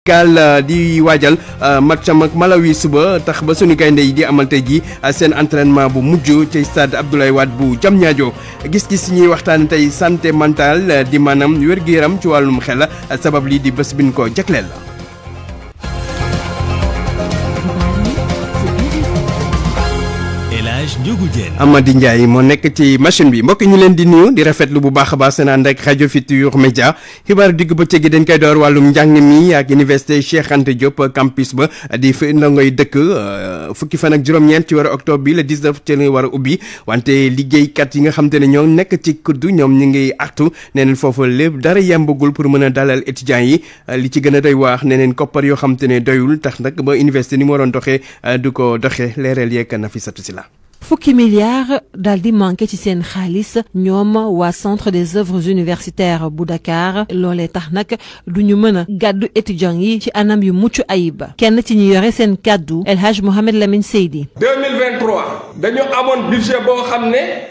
Sénégal euh, di waajal euh, matcham ak wi suba tax ba suñu gaynde yi di amal ji euh, seen entraînement bu mujj ci stade Abdoulaye waat bu jam Diamniadio gis-gis ñuy waxtaan tey santé mentale di maanaam wér-gu-yaram ci wàllum xela sabab lii di bés bin ko jagleel. Ndiogou Diène Amady Ndiaye moo nekk ci machine bi mbokk ñu leen di nuyu di rafetlu bu baax baax seen ànd ak rajo Futurs Médias xibaar digg ba gi dañ koy door wàllum njàng mi ak université Cheikh Anta campus ba di fi ndongoy dëkk euh, fukki fan ak juróom-ñeent ci weeru octobre bi le 19 ci war a ubbi wante liggéeykat yi nga xam ne ñoo nekk ci kuddu ñoom ñu ngi artu nee foofu lépp dara yembagul pour mën a dalal étudiants yi li ci gën a doy waax nee neen koppar yoo xam ne doyul tax nag ba université ni mu waroon doxee euh, du ko doxee leeral yeeg Nafissatou Sylla Fouki milliards d'Aldi di manqué ci sen khalis centre des œuvres universitaires bu Dakar lolé tax que du mëna gaddu yi ci anam yu ayib kenn ci ñi yoré El Mohamed Lamine Seydi. 2023 dañu amone budget bo xamné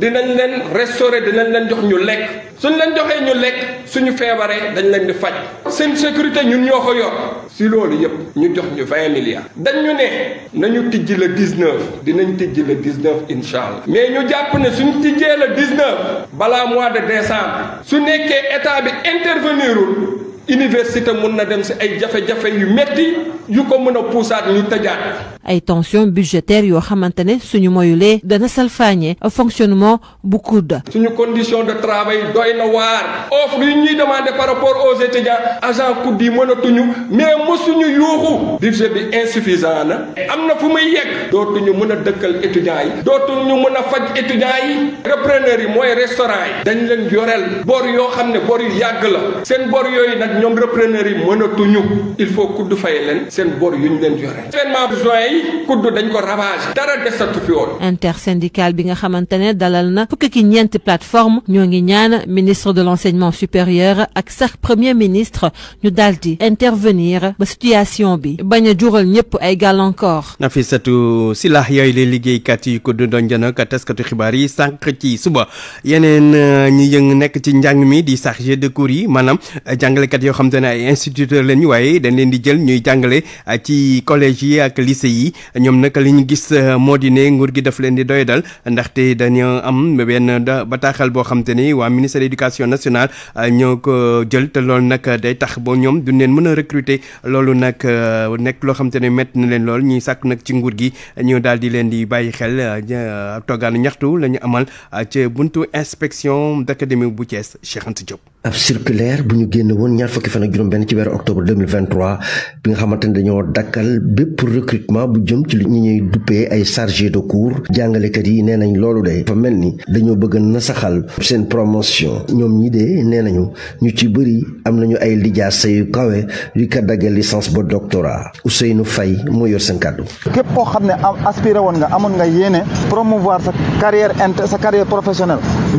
dinañ leen restaurer dinañ leen jox ñu lekk suñ leen joxee ñu lekk suñu feebaree dañ leen di faj seen sécurité ñun ñoo ko yor si loolu yëpp ñu jox ñu vingt milliards. dañ ñu ne nañu tijji le dix neuf dinañ tijji la dix neuf incha allah mais ñu jàpp ne suñ tijjee le dix neuf balaa mois de décembre su nekkee état bi intervenirul université mun na dem si ay jafe-jafe yu metti yu ko mën a puusaat ñu tëjaat. ay tension budgétaire yoo xamante ne suñu moyulee dana salfaañe fonctionnement bu COUD. suñu condition de travail doy na waar. offre yu ñuy demandé par rapport aux étudiants agent COUD yi mënatuñu mais mosuñu yuuxu. budget bi insuffisant na. am na fu muy yegg. dootuñu mën a dëkkal étudiants yi. dootuñu mën a faj étudiants yi. repreneur yi mooy restaurant yi. dañ leen yoreel bor yoo xam ne bor yu yàgg la. seen bor yooyu nag ñom repreneur yi mënatuñu il faut kudd fay len sen bor yuñ len leen sen ma besoin yi kudd dañ ko ravage dara dessatu fi woon. intersyndical bi nga xamantene dalal na fukk ki ñent plateforme ñoo ngi ñaan ministre de l'enseignement supérieur ak sax premier ministre ñu daldi intervenir ba situation bi baña jural ñëpp ay gal encore gàllankoor. Nafissatou Sylla yooyu la liggéeykat yi ko dundoon jën ak taskatu xibaar yi sank ci suba yeneen euh, ñi yëng nek ci njàng mi di chargé de cours yi manam jangale euh, jàngalekat yoo xam ne ay instituteur leen ñu waaye dañ leen di jël ñuy jàngale ah, ci collège yi ak lycée yi ñoom nag li ñu gis ah, moo di ne nguur gi daf leen di doy dal ndaxte dañoo am benn bataaxal boo xam ni waa ministère de l'éducation nationale ah, ñoo ko jël te loolu nag day tax ba ñoom duñ leen mën a recruter loolu nag nekk loo xam te ne métti na leen lool ñuy sàkk nag ci nguur gi ñu daal di leen di bàyyi xel toggaanu ñaxtu lañu amal ca buntu inspection d'académie bu Thiès Cheikh Anta ab circulaire bu ñu génn woon ñaar fukki fan ak juróom benn ci weeru octobre 2023 bi nga xamante ne dañoo dakkal bépp recrutement bu jëm ci li ñu ñuy duppee ay chargé de cours jàngalekat yi nee nañ loolu de fa mel ni dañoo bëgg nasaxal seen promotion ñoom ñi de nee nañu ñu ci bëri am nañu ay lijaasa yu kawe yu ka daggee licence ba doctorat Ousseynou Faye moo yor seen kàddu képp koo xam ne aspiré woon nga amoon nga yéene promouvoir sa carrière inter sa carrière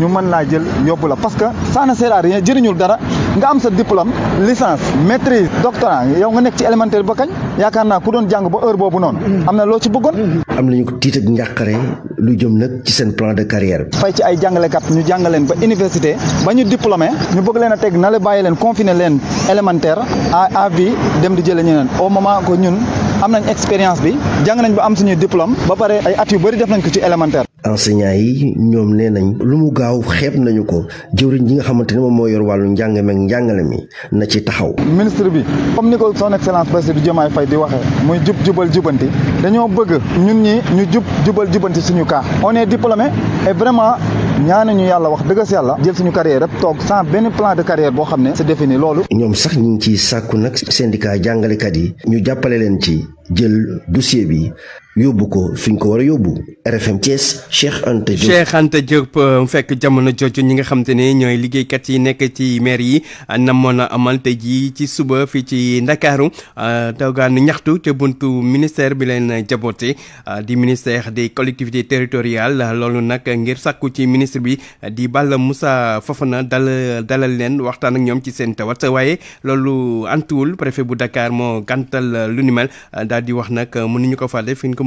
ñu mën laa jël yóbbu la parce que ça ne sert à rien jëriñul dara nga am sa diplôme licence maîtrise doctorat yow nga nekk ci élémentaire ba kañ yaakaar naa ku doon jàng ba heure boobu noonu am na loo ci bëggoon am nañu ko tiit ak njàqare lu jëm nag ci seen plan de carrière fay ci ay jàngalekat ñu jàngaleen ba université ba ñu diplômé ñu bëgg leen a teg na la bàyyi leen confiné leen élémentaire à à vie dem di jëlee ñeneen au moment que ñun am nañ expérience bi jàng nañ ba am suñuy diplôme ba pare ay at yu bëri def nañ ko ci élémentaire. enseignants yi ñoom nee nañ lu mu gaaw xeeb nañu ko jëwriñ ji nga xamante ne moom moo yor wàllu njàng meeg njàngale mi na ci taxaw. ministre bi comme ni ko son excellence président Diomaye Faye di waxee muy jub jubal jubanti dañoo bëgg ñun ñi ñu jub jubal jubanti suñu cas on est diplômé et vraiment. ñaan ñu yàlla wax dëgg yàlla jël suñu carrière rek toog sans benn plan de carrière boo xam ne c'est défini loolu. ñoom sax ñu ngi ciy sàkku nag syndicat jàngalekat yi ñu jàppale leen ci jël dossier bi yóbbu ko fi ñu ko war a yóbbu RFM Thiès Cheikh Anta Diop. Cheikh euh, mu fekk jamono jooju ñi nga xam te ne ñooy liggéeykat yi nekk ci maire yi euh, namoon a amal te ji ci suba fii ci ndakaaru euh, toogaanu ñaxtu te buntu ministère bi leen jaboote di ministère des collectivités territoriales loolu nag ngir sàkku ci ministre bi di Balla Moussa Fofana dal dalal leen waxtaan ak ñoom ci seen tawat waaye loolu antuwul préfet bu Dakar moo gàntal lu ni mel di wax nag mënuñu ko ñu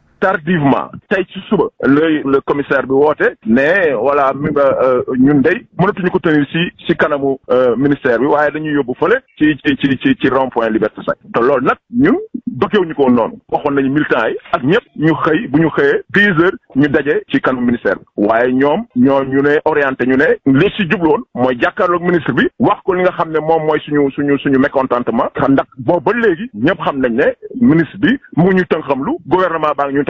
tardivement tay ci suba lay le commissaire bi woté né voilà euh, ñun dey mënatuñu ko tenir ci ci kanamu euh, ministère bi waye dañuy yobbu fële ci ci ci ci rond point Liberté sac té lool nak ñun dogeewuñu ko woon waxon nañu militant yi ak ñëpp ñu xey bu ñu xëyee dix heures ñu dajé ci kanamu ministère waye ñom ñoo ñu né orienté ñu né li ci jubloon mooy jàkkaarloog ministre bi wax ko li nga xamné mom moy suñu suñu suñu mécontentement ndax bo ba légui ñëpp xam nañ né ministre bi mu ñu tënk xam lu gouvernement baa ñu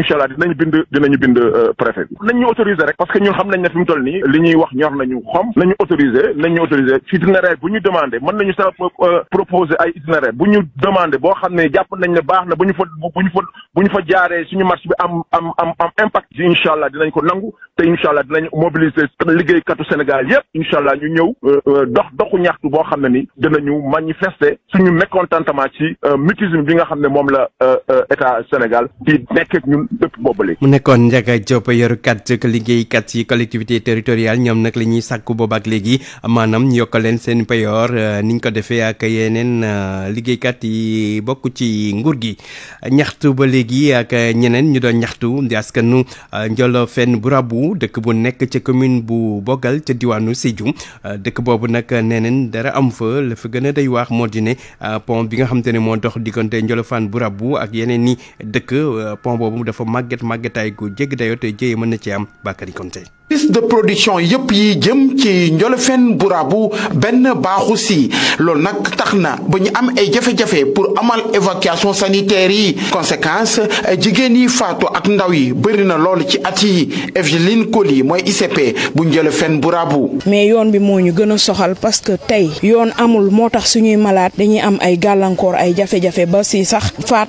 inshallah, dinañ bind dinañ bind euh, préfet nañ rek parce que ñun xam nañ ne toll ni li wax ñor nañu xom autoriser nañ ñu itinéraire bu demandé mën nañu sax euh, proposer ay itinéraire bu demandé bo xamné japp nañ ne baax na buñu fa suñu bi am am am impact dinañ ko nangu dinañ mobiliser Sénégal yépp ñu ñëw euh, dox doxu ñaxtu ni manifester suñu mécontentement ci mutisme bi nga xamné mom la état Sénégal di nekk dëpp boobu léegi mu nekkoon Ndiaga Diop yorukat jëkk liggéeykat yi collectivité territoriale ñoom nag li ñuy sàkku boobu ak léegi maanaam yokk leen seen payoor eh, niñ ko defee ak yeneen eh, liggéeykat yi bokk ci nguur gi ñaxtu ba léegi ak ñeneen eh, ñu doon ñaxtu di askanu Burabu dëkk bu nekk ca commune bu Bogal ca diwaanu Sédhiou dëkk boobu nag neneen dara am fa la fa gën a day waax moo di pont bi nga xam te ne moo dox diggante Burabu ak yeneen ni dëkk pont boobu dafa màgget màggetaay gu jéggi dayoo te mën na ci am Bakary Konte piste de production yep yi jëm ci burabu Bourabou ben baaxu si nak taxna am ay jafe-jafe pour amal évacuation sanitaire yi conséquence jigéen yi faatu ak ndaw yi bëri na ci Koli ICP bu Ndiolofène Bourabou mais yoon bi ñu soxal parce que tay yoon amul motax suñuy malade dañuy am ay gàllankoor ay jafe-jafe ba si sax faat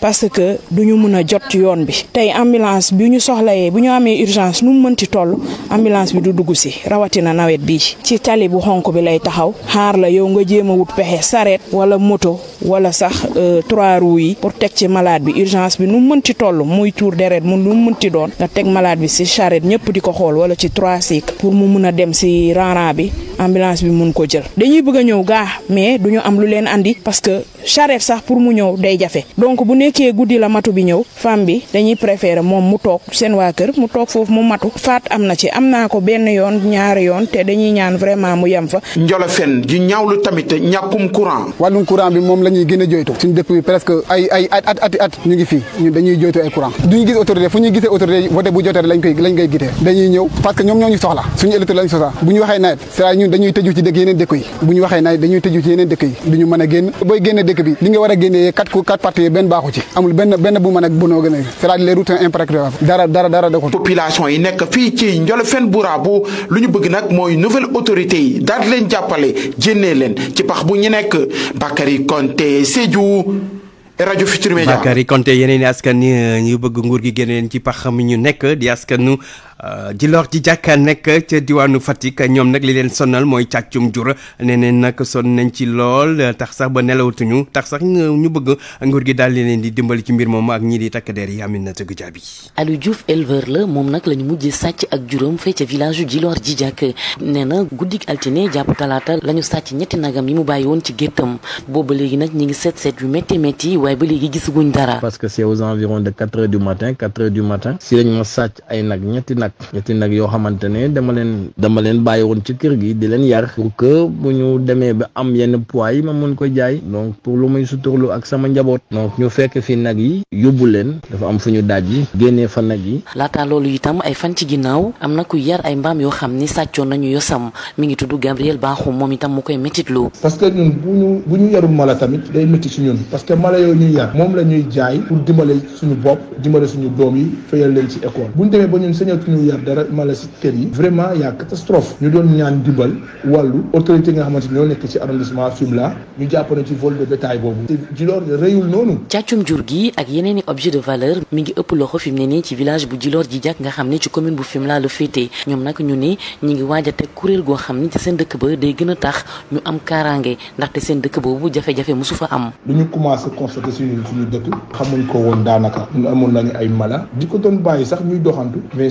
parce que duñu mëna jot yoon bi tay ambulance bi ñu soxlayee urgence nu mënti loolu ambulance bi du dugg si rawatina nawet bi ci tali bu xonk bi lay taxaw xaar la yow nga jéem a wut pexe sareet wala moto wala sax euh, trois yi pour teg ci malade bi urgence bi nu mënti toll muy tuur deret mu nu mënti doon teg malade bi si charrette ñëpp di ko xool wala ci trois cycle pour mu mun a dem si ranran bi ambulance bi mun ko jël dañuy bëgg a ñëw gaa mais du ñu am lu leen andi parce que charrette sax pour mu ñëw day jafe donc bu nekkee guddi la matu bi ñëw femme bi dañuy préférer moom mu toog seen waa mu toog foofu mu matu faat am na ci am naa ko benn yoon ñaari yoon te dañuy ñaan vraiment mu yem fa. Njolofen ju ñaawlu tamit ñàkkum courant. wàllum courant bi moom la ñuy gën a joytu bi presque ay at at at at ñu fii ñun dañuy joytu ay courant duñu gis autorité fu ñuy gisee autorité voté bu jotee lañ koy koy gisee dañuy ñëw parce que ñoom ñoo ñu soxla suñu électeur lañ soxla bu ñu waxee nawet c'est ñun dañuy tëju ci dëkk yi bu ñu waxee a génn booy génne dëkk bi li ci Ndiolofène Bourabou lu ñu bëgg nag mooy nouvelle autorité yi daal di leen jàppale jénnee leen ci pax bu ñu nekk Bakary Konté Sédhiou rajo Futurs Médias Bakary Konté yeneen i askan ñi ñu bëgg nguur gi génne leen ci pax mi ñu nekk di askanu Euh, Djilor Djidiack nekk ca diwaanu Fatick ñoom nag li leen sonal mooy càccum jur nee neen nag sonn nañ ci lool tax sax ba nelawatuñu tax sax ñu bëgg nguur gi daal di leen di dimbali ci mbir moom ak ñii di takk der yi Aminata Goudiaby. Aliou Diouf éleveur la moom nag la ñu mujjee sàcc ak juróom fee ca village Djilor Djidiack nee na guddik altine jàpp talaata lañu ñu sàcc ñetti nagam yi mu bàyyi woon ci géttam boobu léegi nag ñi ngi seet seet yu métti métti waaye ba léegi gisaguñ dara. parce que c'est aux environs de ay nag ñetti nag nag nag yoo xamante ne dama leen dama leen bàyyi woon ci kër gi di leen yar pour que bu ñu demee ba am yenn poids yi ma mën ko jaay donc pour lu may su suturlu ak sama njaboot donc ñu fekk fi nag yi yóbbu leen dafa am fu daaj yi génnee fa nag yi. laataa loolu itam ay fan ci ginnaaw am na yar ay mbaam yoo xam ni sàccoon nañu yosam mi ngi tudd Gabriel Baaxum moom itam mu koy métitlu. parce que ñun bu ñu bu ñu yarul mala tamit day métti si ñun parce que mala yooyu ñuy yar moom la ñuy jaay pour dimbale suñu bopp dimbale suñu doom yi fayal leen ci ñu ñu yar dara y a catastrophe ñu doon ñaan dimbal wàllu autorité nga xamante ñoo nekk ci ñu jàpp na jur gi ak yeneen i objet de valeur mi ngi ëpp loxo fi mu ne nii ci village bu Djilor ji jàkk nga xam ne ci commune bu Fimela la féetee ñoom nag ñu ne ñi ngi waaj teg kuréel goo xam ne ci seen dëkk ba day gën tax ñu am kaaraange ndaxte seen dëkk boobu jafe-jafe mosu fa am lu ñu commencé constaté suñu suñu dëkk xamuñ ko woon daanaka ñun amoon nañu ay mala di ko doon bàyyi sax ñuy doxantu mais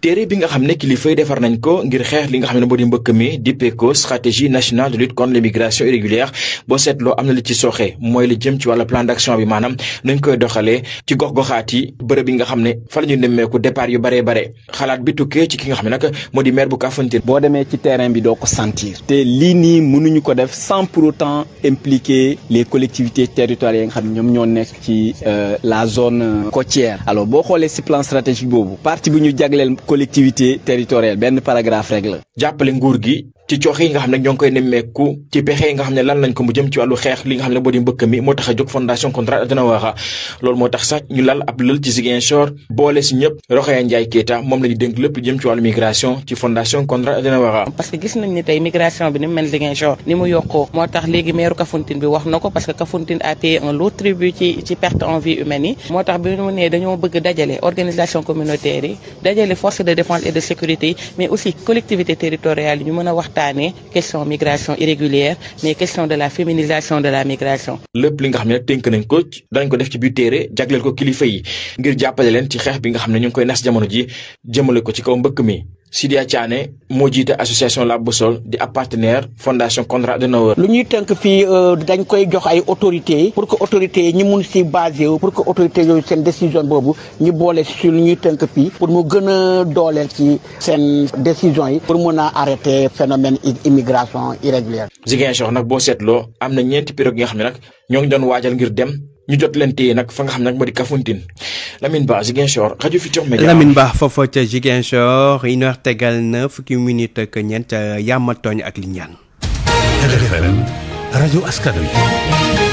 Terre bi nga xamné ne kilifa yi défar nañ ko ngir xeex li nga xamné ne di mbëkk mi dippee ko stratégie nationale de lutte contre l'immigration irrégulière bo seetloo am na li ci soxé moy li jëm ci wala plan d'action bi manam nañ koy doxalé ci gox goxati bëre bi nga xamné ne fa la ñu nemmeeku départ yu baree bare xalaat bi tukkee ci ki nga xamné nak modi maire bu Kafountine bo démé ci terrain bi doo ko sentir te lii nii mënuñu ko def sans pour autant impliquer les collectivités territoriales nga xamné ñom ñoo nekk ci euh, la zone euh, côtière alors bo xolé ci plan stratégique bobu parti bu ñu jagleel collectivité territoriale benn paragraphe rek la. jàppale nguur gi ci cooxe nga xam ne ñoo koy ne lan ci wàllu nga xam ne boo di mbëkk mi moo tax a jóg fondation Konrad Adenauer loolu moo tax sax ñu lal ab lël ci Ziguinchor boole si ñëpp Rokhaya Ndiaye Keita moom la ñu dénk lépp lu jëm ci wàllu migration ci fondation Konrad Adenauer parce que gis nañ ni tey migration bi ni mu mel Ziguinchor ni mu yokkoo moo tax léegi meeru Kafountine bi wax na parce que Kafountine a payé un lourd ci perte en yi moo tax bi mu a waxtaanee question migration irrégulière mais question de la féminisation de la migration. lepp li nga xamné ne nañ ko dañ ko def ci biir téré jaglél ko kilifa yi ngir jappalé len ci xex bi nga xamné ñu ngi koy nas jamono ji jëmale ko ci kaw mbëk mi. Sidia Thiané moo jiite association La Boussole di ab partenaire fondation Konrad Adenauer. lu ñuy tënk fii euh, dañ koy jox ay autorités pour que autorités yi ñu mun si basé wu pour que autorités yooyu seen décision boobu ñu boole si lu ñuy tënk fii pour mu gën a dooleel ci seen décision yi pour mun a arrêter phénomène immigration irrégulière. Ziguinchor nag boo seetloo am na ñeenti pirogue yi nga xam ne nag ñoo ngi doon waajal ngir dem. ñu jot leen téye nag fa nga xam nag moo di Kafountine Lamine Ba Ziguinchor rajo Futur Média Lamine Ba foofa ca Ziguinchor une heure tegal na fukki minute ak ñeent ca Yamatooñ ak li RFM rajo askan wi.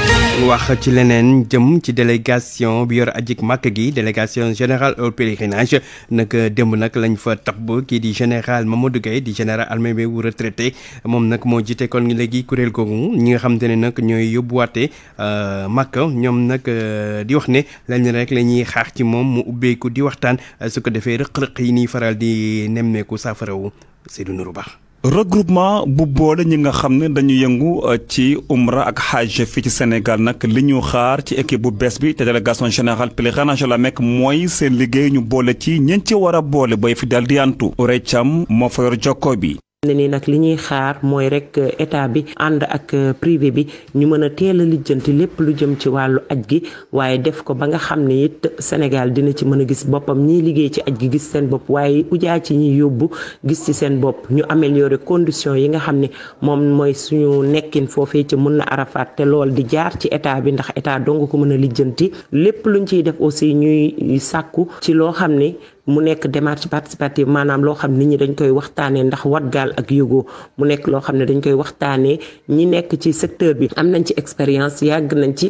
wax ci leneen jëm ci délégation bi yor ajik màkk gi délégation générale au pèlerinage nag démb nag lañ fa tabb kii di général Mamadou Gueye di général armée bi wu retraité moom nag moo jite kon léegi kuréel kooku ñi nga xam ne nag ñooy yóbbuwaate euh, màkk ñoom nag euh, di wax ne lañ rek la ñuy xaar ci moom mu ubbeeku di waxtaan su ko defee rëq-rëq yi ni faral di nemmeeku saafarawu Seydou Nourou Ba regroupement bu boole ñi nga xam ne dañu yëngu euh, ci umra ak hajj fii ci Sénégal nag li ñu xaar ci équipe bu bees bi te délégation générale pèlerinage à la Mecque mooy seen liggéey ñu boole ci ñeent ci war a boole bay fi dal di antu Ourey Thiam moo fa yor jokko bi ne ni nag li ñuy xaar mooy rek euh, état bi ànd ak euh, privé bi ñu mën a teel a lijjanti lépp lu jëm ci wàllu aj gi waaye def ko ba nga xam ne it Sénégal dina ci mën a gis boppam ñiy liggéey ci aj gi gis seen bopp waaye ujaa ci ñiy yóbbu gis ci seen bopp ñu améliorer condition yi nga xam ne moom mooy suñu nekkin foofee ci mun na Arafat te lool di jaar ci état bi ndax état dong ko mën a lijjanti lépp luñ ciy def aussi ñuy sàkku ci loo xam ni mu nekk démarche participative maanaam loo xam ni ñi dañ koy waxtaanee ndax wat Wadgaal ak Yogo mu nekk loo xam ne dañ koy waxtaanee ñi nekk ci secteur bi am nañ ci expérience yàgg nañ ci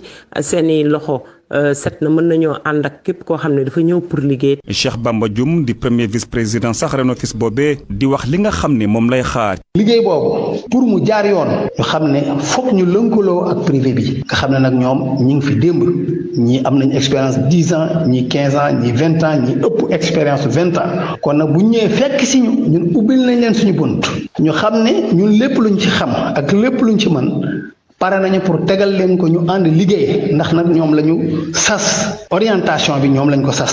seeni loxo. Euh, set na mën nañoo ànd ak képp koo xam ne dafa ñëw pour liggéey. Cheikh Bamba Dioum di premier vice président sax Renofis boobee di wax li nga xam ne moom lay xaar. liggéey boobu pour mu jaar yoon. ñu xam ne foog ñu lënkaloo ak privé bi. nga xam ne nag ñoom ñi ngi fi démb ñii am nañ expérience dix ans ñii quinze an ñii vingt ans ñii ëpp expérience vingt ans. kon nag bu ñëwee fekk si ñu ñun ubbil nañ leen suñu bunt. ñu xam ne ñun lépp luñ ci xam ak lépp luñ ci mën. pare nañu pour tegal leen ko ñu ànd liggéey ndax nag ñoom la ñu sas orientation bi ñoom lañ ko sas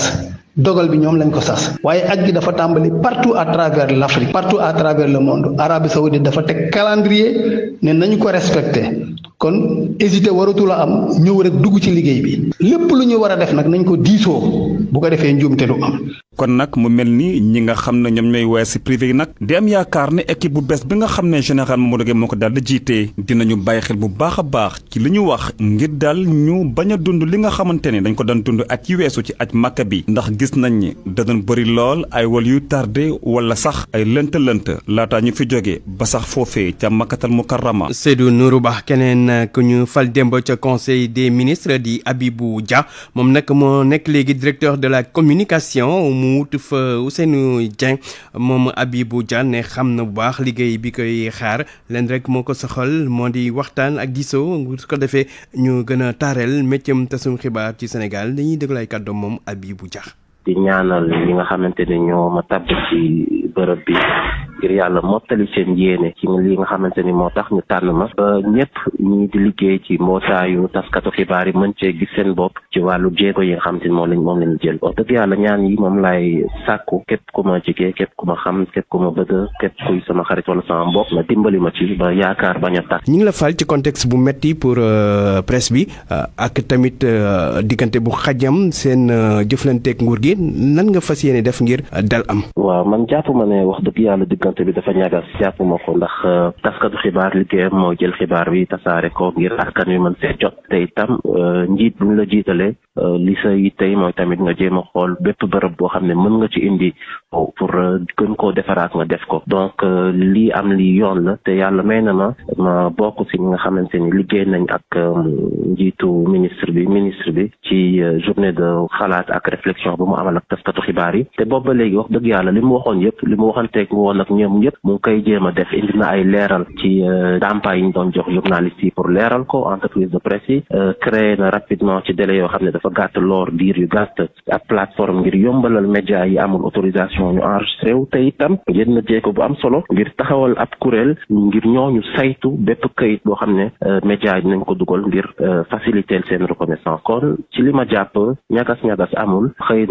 dogal bi ñoom lañ ko sas waaye aj gi dafa tàmbali partout à travers l' Afrique partout à travers le monde Arabie Saoudite dafa teg calendrier ne nañu ko respecté kon hésité waratul a am ñëw rek dugg ci liggéey bi lépp lu ñu war a def nag nañ ko diisoo bu ko defee njuumte du am. kon nag mu mel ni ñi nga xam ne ñoom ñooy waaye si privé yi nag di am yaakaar ne équipe bu bees bi nga xam ne général Mamadou Gueye moo ko daal di jiitee dinañu bàyyi xel bu baax a baax ci li ñu wax ngir daal ñu bañ a dund li nga xamante ne dañ ko doon dund ak yi weesu ci aj màkka bi ndax gis nañ ni da doon bëri lool ay wal yu tardé wala sax ay lënt-lënt laataa ñu fi jóge ba sax foofee ca makkatal mukarrama Seydou Nourou baax keneen ku ñu fal démb ca conseil des ministres di Abibou Dia moom nag moo nekk léegi directeur de la communication mu wut fa Ousseynou Dieng moom Abibou Diané xam na bu baax liggéey bi koy xaar leen rek moo ko soxal moo di waxtaan ak gisoo su ko defee ñoo gën a taareel méccam tasum xibaar ci Sénégal dañuy déglu ay kàddoom moom Abibou Dia. di ñaanal ñi nga xamante ne ñoo ma tàbb ci bërëb bi. ngir yàlla mottali seen yéene ci li nga xamante ni moo tax ñu tànn ma ba ñëpp ñi di liggéey ci mbootaayu taskatu xibaar yi mën cee gis seen bopp ci wàllu jéego yi nga xamante ni moom lañ moom lañ jël wax dëgg yàlla ñaan yi moom laay sàkku képp ku ma jigee képp ku ma xam képp ku ma bëgg képp kuy sama xarit wala sama mbokk nga dimbali ma ci ba yaakaar bañ a tàkk ñu ngi la fal ci contexte bu metti pour euh, presse bi euh, ak tamit euh, diggante bu xajam seen jëflanteeg nguur gi nan nga fas yéene def ngir dal am waaw man jàpp ma ne wax dëgg yàlla dëgg diggante bi dafa ñagas jàpp ma ko ndax euh, taskatu xibaar liggéeyam moo jël xibaar bi tasaare ko ngir askan wi mën see jot tey tam euh, njiit buñ la jiitalee euh, li sa yi tey mooy tamit nga jéem a xool bépp bërëb boo xam ne mën nga ci indi pour gën koo defaraat nga def ko donc lii am li yoon la te yàlla may na ma ma bokk si nga xamante ni liggéey nañ ak njiitu ministre bi ministre bi ci journée de xalaat ak réflexion bu mu amal ak taskatu xibaar yi te boobu léegi wax dëgg ñoom ñëpp mu ngi koy jéem a def indi na ay leeral ci ndàmpaay euh, yi ñu doon jox journaliste yi pour leeral ko entreprise de presse yi euh, créé na rapidement ci délai yoo xam ne dafa gàtt loor diir yu gàtt ak plateforme ngir yombalal média yi amul autorisation ñu enregistré wu te itam yéen na jéego bu am solo ngir taxawal ab kuréel ngir ñooñu saytu bépp kayit boo xam ne euh, média yi nañ ko dugal ngir faciliter seen reconnaissance kon ci li ma jàpp ñagas ñagas amul xëy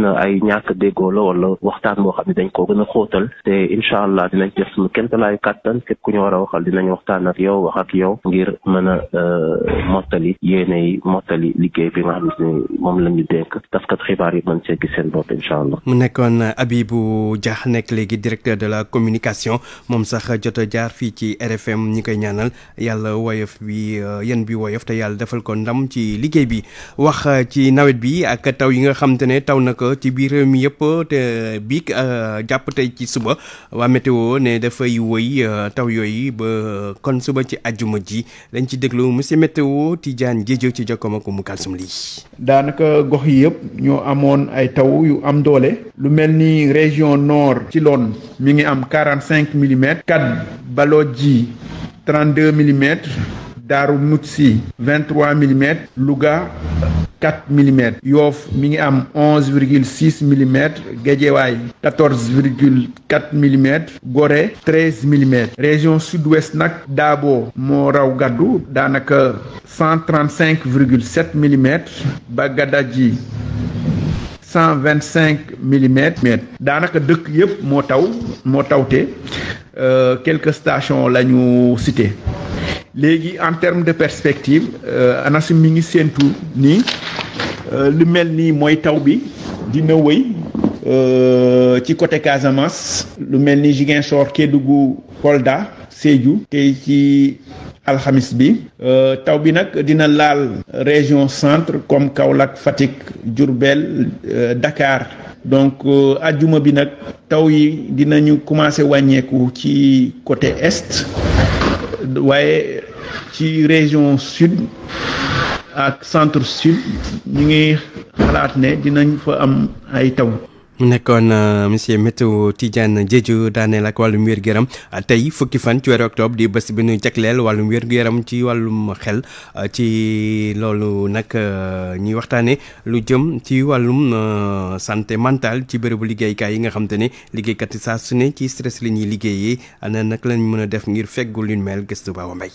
la dinañ ci def suñu kéemtalaayu kàttan képp ku ñu ak yow wax ak yow ngir mën a euh, mottali yéene yi mottali liggéey bi moom la ñu dénk taskat xibaar yi mën see gis seen bopp incha allah. mu nekkoon Abibou Dia nekk léegi directeur de la communication moom sax jot a jaar fii ci RFM ñi koy ñaanal yàlla woyof bi euh, yéen bi woyof te yàlla defal ko ndam ci liggéey bi wax ci nawet bi ak taw yi nga xam ne taw na ko ci biir réew mi yëpp te biig euh, jàpp tey ci suba waa météo. Sonko eh, ne dafay wëy taw yooyu ba kon suba ci ajuma ji dañ ci déglu monsieur météo Tidiane Jéjo ci jokkoma ko mu kalsum lii daanaka gox yëpp ñoo amoon ay taw yu am doole lu mel ni région nord ci loon mi ngi am 45 mm 4 baloji 32 mm Moutsi 23 mm, Luga 4 mm, Yof mingam 11,6 mm, 11 14,4 mm, Goré 13 mm. région sud-ouest Dabo Moraugadou raw gadou mm 135,7 mm, mm mm. mm, Gadaji cent euh, quelques stations la cité léegi en terme de perspective euh, ANACIM mi ngi séentu nii euh, lu mel nii mooy taw bi dina wëy euh, ci côté Casamance lu mel ni Ziguinchor Kédougou polda Sédhiou tey ci alxamis bi taw bi nag dina laal région centre comme Kaolack Fatick Diourbel Dakar donc ajjuma bi nag taw yi dinañu commencé wàññeeku ci côté est waaye ci région sud ak centre sud ñu ngi xalaat ne dinañ fa am ay taw mu nekkoon euh, monsieur météo Tidiane Diédhiou daaneel ak wàllum wér-gu-yaram tey fukki fan ci weeru octobre di bés bi ñu jagleel wàllum wér-gu-yaram ci wàllum xel euh, ci loolu nag euh, ñuy waxtaanee lu jëm ci wàllum santé mentale ci bërëbu liggéeykaay yi nga xam te liggéeykat yi saa su ne ci stress li ñuy liggéeyee ana nag lañ mën a def ngir feggul lu mel gëstu baawa mbay.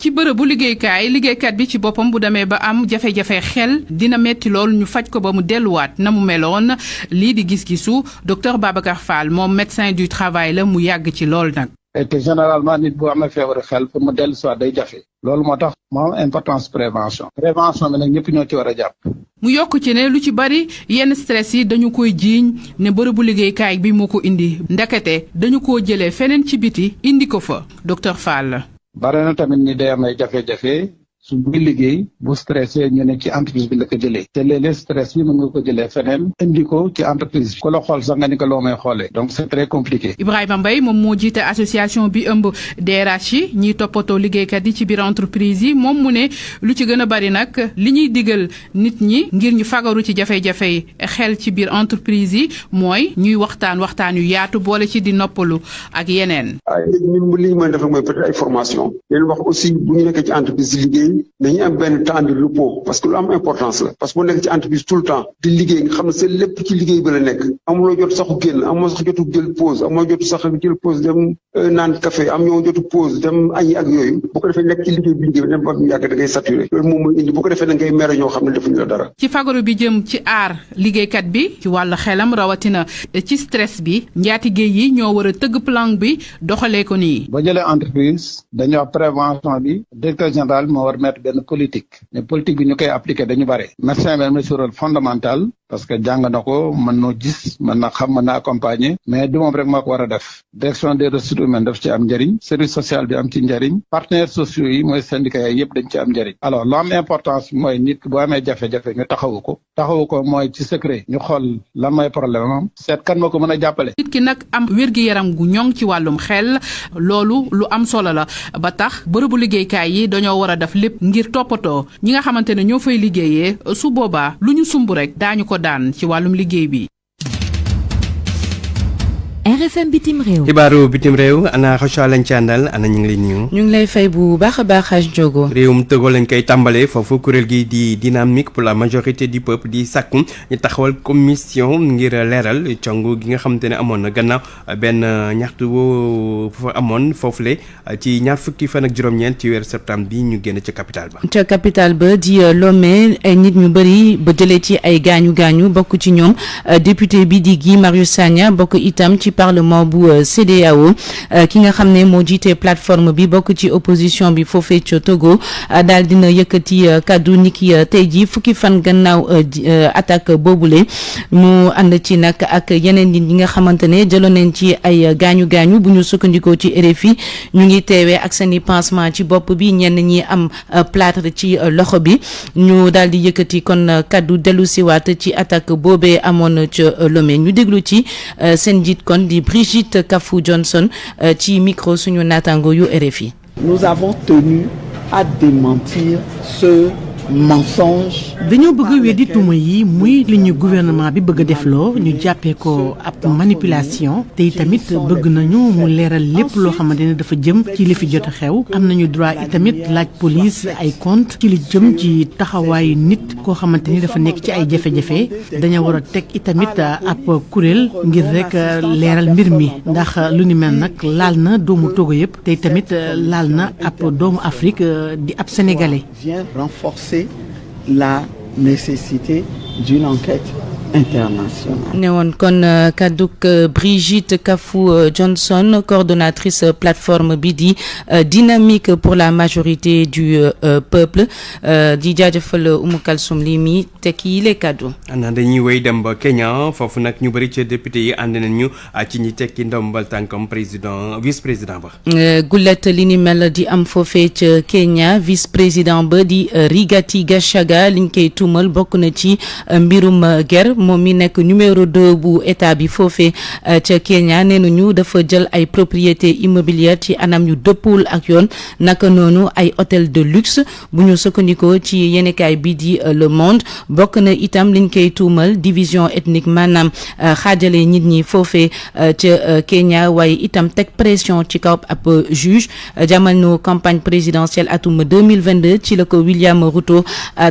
ci bërëbu liggéeykaay liggéeykat bi ci boppam bu demee ba am jafe-jafe xel dina metti lool ñu faj ko ba mu delluwaat na mu meloon lii di gis-gisu docteur Babacar Fall moom médecin du travail la mu yàgg ci lool nag. et que généralement nit bu amee feebaru xel pour mu dellu soit day jafe. loolu moo tax moo am importance prévention. prévention bi nag ñëpp ñoo ci war a jàpp. mu yokk ci ne lu ci bari yenn stress yi dañu koy jiiñ ne bërëbu liggéeykaay bi moo ko indi ndekete dañu ko jëlee feneen ci biti indi ko fa docteur Fall. bare na tamit ni day am jafe-jafe su buy liggéey bu stressé ñu ne ci entreprise bi la ko jëlee te léeg-léeg stress bi mën nga ko jëlee feneen indi ko ci entreprise bi xool sax nga ni ko loo may xoolee donc c'est très compliqué Ibrahima Mbaye moom moo jiite association bi ëmb DRH ñuy toppatoo liggéeykat yi ci biir entreprise yi moom mu ne lu ci gën a bari nag li ñuy digal nit ñi ngir ñu fagaru ci jafe-jafe xel ci biir entreprise yi mooy ñuy waxtaan waxtaan yu yaatu boole ci di noppalu ak yeneen. li ñu mën a yi dañuy am benn temps de repos parce que lu am importance la parce que bu nekk ci entreprise tout le temps di liggéey nga xam ne sa lépp ci liggéey bi la nekk amuloo jot saxu génn amoo sax jotu jël pause amoo jotu sax jël pause dem euh, naan café am ñoo jotu pause dem añi ak yooyu bu ko defee nekk ci liggéey bi liggéey bi dem ba yàgg da ngay saturé loolu moom mooy indi bu ko defee da ngay mere ñoo xam ne defuñu la dara ci fagaru bi jëm ci aar liggéeykat bi ci wàllu xelam rawatina ci stress bi njaati njaatigéey yi ñoo war a tëgg plan bi doxalee ko nii boo jëlee entreprise dañoo prévention bi directeur général moo war permettre benn politique. mais politique bi ñu koy appliqué dañu bare. médecin bi am na si fondamental parce que jàng na ko mën na gis mën na xam mën na accompagner mais du moom rek moo ko war a def direction des ressources humaines daf ci am njariñ service social bi am ci njariñ partenaires sociaux yi mooy syndicat yi yëpp dañ ci am njariñ alors lu am importance mooy nit bu amee jafe-jafe ñu taxawu ko taxawu ko mooy ci secret ñu xool lan mooy problème am seet kan moo ko mën a jàppale nit ki nag am wér yaram gu ñong ci wàllum xel loolu lu am solo la ba tax bërëbu liggéeykaay yi dañoo war a def lépp ngir toppatoo ñi nga xamante ne ñoo fay liggéeyee su boobaa lu ñu sumb rek daañu ko ko daan ci wàllum liggéey bi FM bitim réew. xibaaru bitim réew ana Rocha lañ ci àndal ana ñu ngi lay nuyu. ñu ngi lay fay bu baax a baax Hadj jogo réewum Togo lañ koy tàmbalee foofu kuréel gi di dynamique pour la majorité du peuple di sàkku ñu taxawal commission ngir leeral cong gi nga xamante ne amoon na gannaaw benn ñaxtu woo fa amoon ci ñaar fukki fan ak juróom-ñeent ci weeru septembre bi ñu génn ca capital ba. ca capital ba di euh, Lomé ay nit ñu bëri ba jëlee ci ay gaañu gaañu bokk ci ñoom euh, député bi di gi Marius Sagna bokk itam ci parlement. parlement bu euh, CEDEAO euh, ki nga xam ne moo jiite plateforme bi bokk ci opposition bi foofee ca Togo euh, daal dina yëkkati kaddu niki tey ji fukki fan gannaaw attaque boobule ñu ànd ci nag ak yeneen nit ñi nga xamante ne jëloon nañ ci ay gaañu gaañu bu ñu sukkandikoo ci RFI ñu ngi teewee ak seen i pansement ci bopp bi ñenn ñi am plâtre ci loxo bi ñu daal di yëkkati kon kàddu dellu siwaat ci attaque boobee amoon ca Lomé ñu déglu ci seen njiit kon di Brigitte Kafou Johnson euh, ci micro suñu RFI. Nous avons tenu à démentir ce mensonge. dañoo bëgg a weddi tuuma yi muy li ñu gouvernement bi bëgg defloo ñu jàppee ko ab manipulation tey tamit bëgg nañu mu leeral lépp loo xamante ne dafa jëm ci li fi jot xew am nañu droit itamit laaj police ay compte ci li jëm ci taxawaayu nit koo xamante ni dafa nekk ci ay jafe-jafe dañoo war a teg itamit ab kuréel ngir rek leeral mbir mi ndax lu ni mel nag laal na doomu Togo yëpp tey tamit laal na ab doomu Afrique di ab sénégalais. la nécessité d'une enquête international. ne woon kon euh, euh, Brigitte Kafou euh, Johnson coordonnatrice plateforme Bidi, dynamique pour la majorité du peuple di jaajëfal Umu Kalsum teki mi tekk yi lay kàddu. wey dañuy Kenya fofu nak ñu bëri ci député yi ànd nañu ah, ci ñi tekki ndombal président vice président ba. Goulet li ni mel di am Kenya vice président ba di Gashaga Gachagua liñ koy tuumal mbirum guerre moom mi nekk numéro 2 bu état bi foofee euh, ca Kenya nee nañu dafa jël ay propriété immobilière ci anam yu dëppul ak yoon naka noonu ay hôtel de luxe bu ñu sukkandikoo ci yenekaay bi di euh, Le Monde bokk na itam liñ koy tuumal division ethnique maanaam euh, xaajale nit ñi foofee ca Kenya waaye itam teg pression ci kaw ab juge jamono campagne présidentielle atuma 2022 ci la ko William Ruto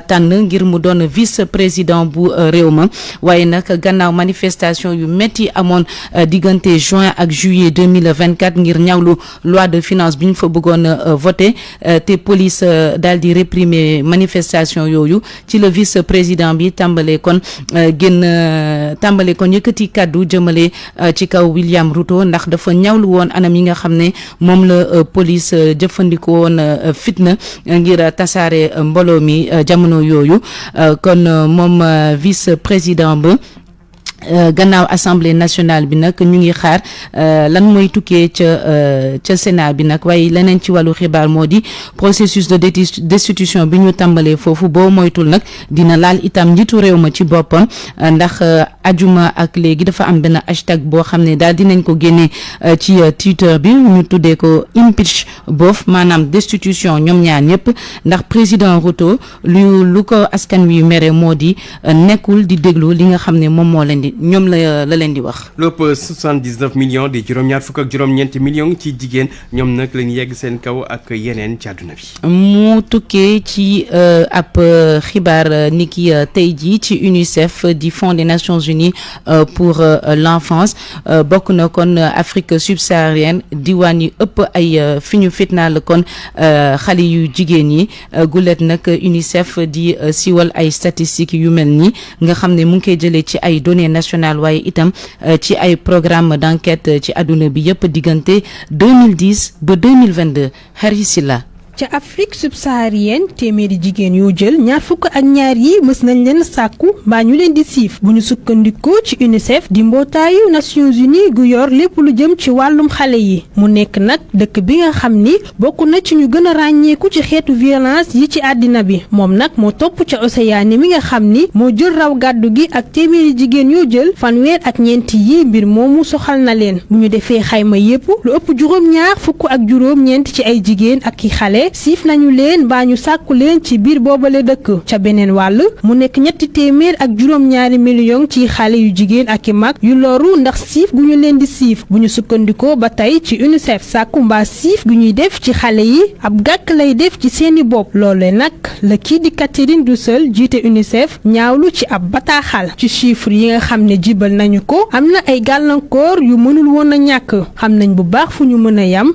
tànn ngir mu doon vice président bu réew ma waaye nag gannaaw manifestation yu métti amoon euh, diggante juin ak juillet 2024 ngir ñaawlu loi de finance bi ñu fa bëggoon euh, voté euh, te police daal di réprimer manifestation yooyu ci la vice président bi tàmbalee kon génn tàmbale kon yëkkati kàddu jëmale ci kaw William Ruto ndax dafa ñaawlu woon anam yi nga xam ne moom la police jëfandikoo fitna ngir tasaare mbooloo mi jamono yooyu kon moom vice président job Euh, gannaaw assemblée nationale bi nag ñu ngi xaar euh, lan mooy tukkee ca euh, ca Sénat bi nag waaye leneen ci wàllu xibaar moo di processus de destitution bi ñu tàmbalee foofu boo moytul nag dina laal itam njiitu réew ma ci boppam ndax ajuma ak léegi dafa am benn hashtag boo xam ne daal nañ ko génnee ci Twitter bi ñu tuddee ko impeach boof maanaam destitution ñoom ñaar ñëpp ndax président Ruto lu lu ko askan wi mere moo di nekkul di déglu li nga xam ne moom moo leen ñom la la leen di wax. lu 79 millions di juróom-ñaar fuk ak juróom ñent millions ci jigen ñom nak lañ yegg seen kaw ak yenen ci aduna bi. mu tukkee ci euh, ab euh, xibaar euh, ni ki tey ci UNICEF di fond des Nations Unies pour l'enfance bokk na kon Afrique subsaharienne diwaan yi ëpp ay fiñu fitna fitnaal kon xali yu jigen yi gulet nak UNICEF di siwal ay statistiques yu melni nga xam mu ngi jëlé ci ay données nationale waaye itam euh, ci ay programme d'enquête euh, ci adduna bi yëpp diggante 2010 ba 2022 Hari Silla ca Afrique subsaharienne téeméeri jigéen yoo jël ñaar fukk ak ñaar yi mës nañ leen sàkku mbaa ñu leen di siif bu ñu sukkandikoo ci UNICEF di mbootaayu Nations Unies gu yor lépp lu jëm ci wàllum xale yi mu nekk nag dëkk bi nga xam ni bokk na ci ñu gën a ràññeeku ci xeetu violence yi ci àddina bi moom nag moo topp ca Océanie mi nga xam ni moo jël raw gàddu gi ak téeméeri jigéen yoo jël fanweer ak ñeent yii mbir moomu soxal na leen bu ñu defee xayma yépp ëpp juróom ak juróom ci ay jigéen ak i xale boobule siif nañu leen baa ñu sàkku leen ci biir boobale dëkk ca beneen wàll mu nekk ñetti téeméer ak juróom-ñaari million ci xale yu jigéen ak i mag yu loru ndax siif gu ñu leen di siif bu ñu sukkandikoo ba tey ci UNICEF sàkku mbaa siif gu ñuy def ci xale yi ab gàkk lay def ci seeni bopp loole nag la kii di Catherine Dussel jiite UNICEF ñaawlu ci ab bataaxal ci chiffre yi nga xam ne jibal nañu ko am na ay gàllankoor yu mënul woon a ñàkk xam nañ bu baax fu ñu mën a yam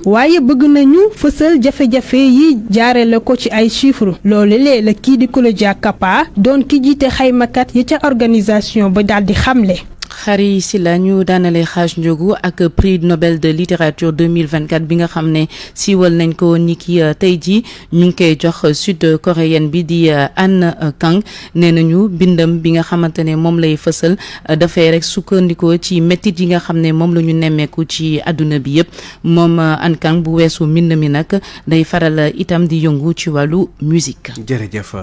gi jaarale ko ci ay chiffres loolu lee la kii di Koulibaly Diakaba doon ki jiite xaymakat yi ca organisation ba daal di xamle. xari Sylla ñu daanale xaaj njogu ak pris Nobel de littérature 2024 bi nga xam ne siiwal nañ ko ni euh, tey jii ñu ngi koy jox sud coréenne bi di euh, Anne euh, Kang nee nañu bindam bi nga xamante ne moom lay fësal dafay rek sukkandikoo ci méttit yi nga xam ne moom lañu nemmeeku ci àdduna bi yëpp moom Anne Kang bu weesu mbind mi nag day faral itam di yëngu ci wàllu musique jërëjëf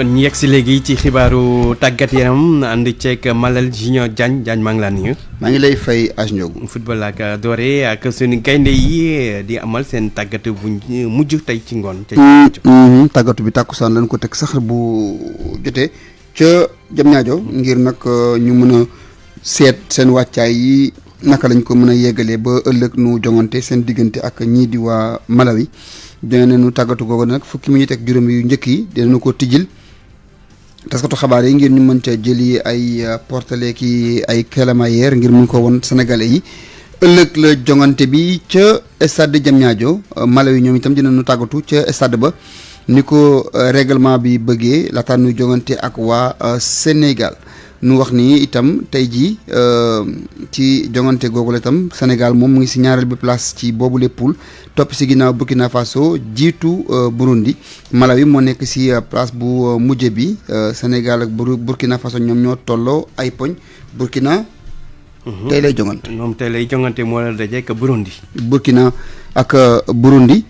kon ñu yegg si léegi ci xibaaru tàggat yaram ànd ceeg Malal Junior Diagne Diagne maa ngi laa nuyu. maa ngi lay fay As Ndiogu. football ak doore ak suñu gaynde yi di amal seen tàggat bu mujj tey ci ngoon. Mm-hmm, mm-hmm. tàggatu bi tàkkusaan lañ ko teg sax bu jotee ca jam ñaajo ngir nag euh, ñu mën a seet seen wàccaay yi naka lañ ko mën a yeggalee ba ëllëg nu jongante seen diggante ak ñii di waa Malawi dina nu tàggatu googu nag fukki minute ak juróom yu njëkk yi ko tijjil. taskatu xabaar yi ngir ñu mën ca jëli ay euh, portale ki ay calamayer ngir mun ko won sénégalais yi ëllëg la jongante bi ca stade Diamniadio euh, Malawi ñoom itam nu tàggatu ca stade ba ni ko euh, réglement bi bëggee laataa nu jongante ak waa Sénégal. nu wax nii itam tey jii euh, ci jongante googu la itam Sénégal moom mu ngi si ñaareel bi place ci boobu les topp si ginnaaw Burkina Faso jiitu euh, Burundi Malawi moo nekk si euh, place bu mujj bi Sénégal ak Burkina Faso ñoom ñoo tolloo ay poñ Burkina. Mhm. tey lay jongante. moom tey lay jongante moo la daje ak Burundi. Burkina ak Burundi.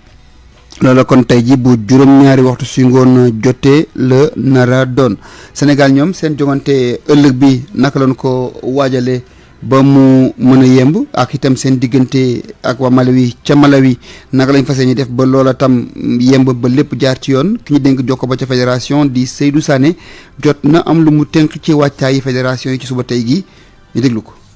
loola kon tey ji bu juróom-ñaari waxtu si ngoon a jotee la nara doon Sénégal ñoom seen jongante ëllëg bi naka lañ ko waajale ba mu mën a yemb ak itam seen diggante ak waa Malawi ca Malawi naka lañ fas ñu def ba loola tam yemb ba lépp jaar ci yoon ki ñu dénk ko ba ca fédération di Seydou Sané jot na am lu mu tënk ci wàccaayi fédération yi ci suba tey gi ñu déglu ko.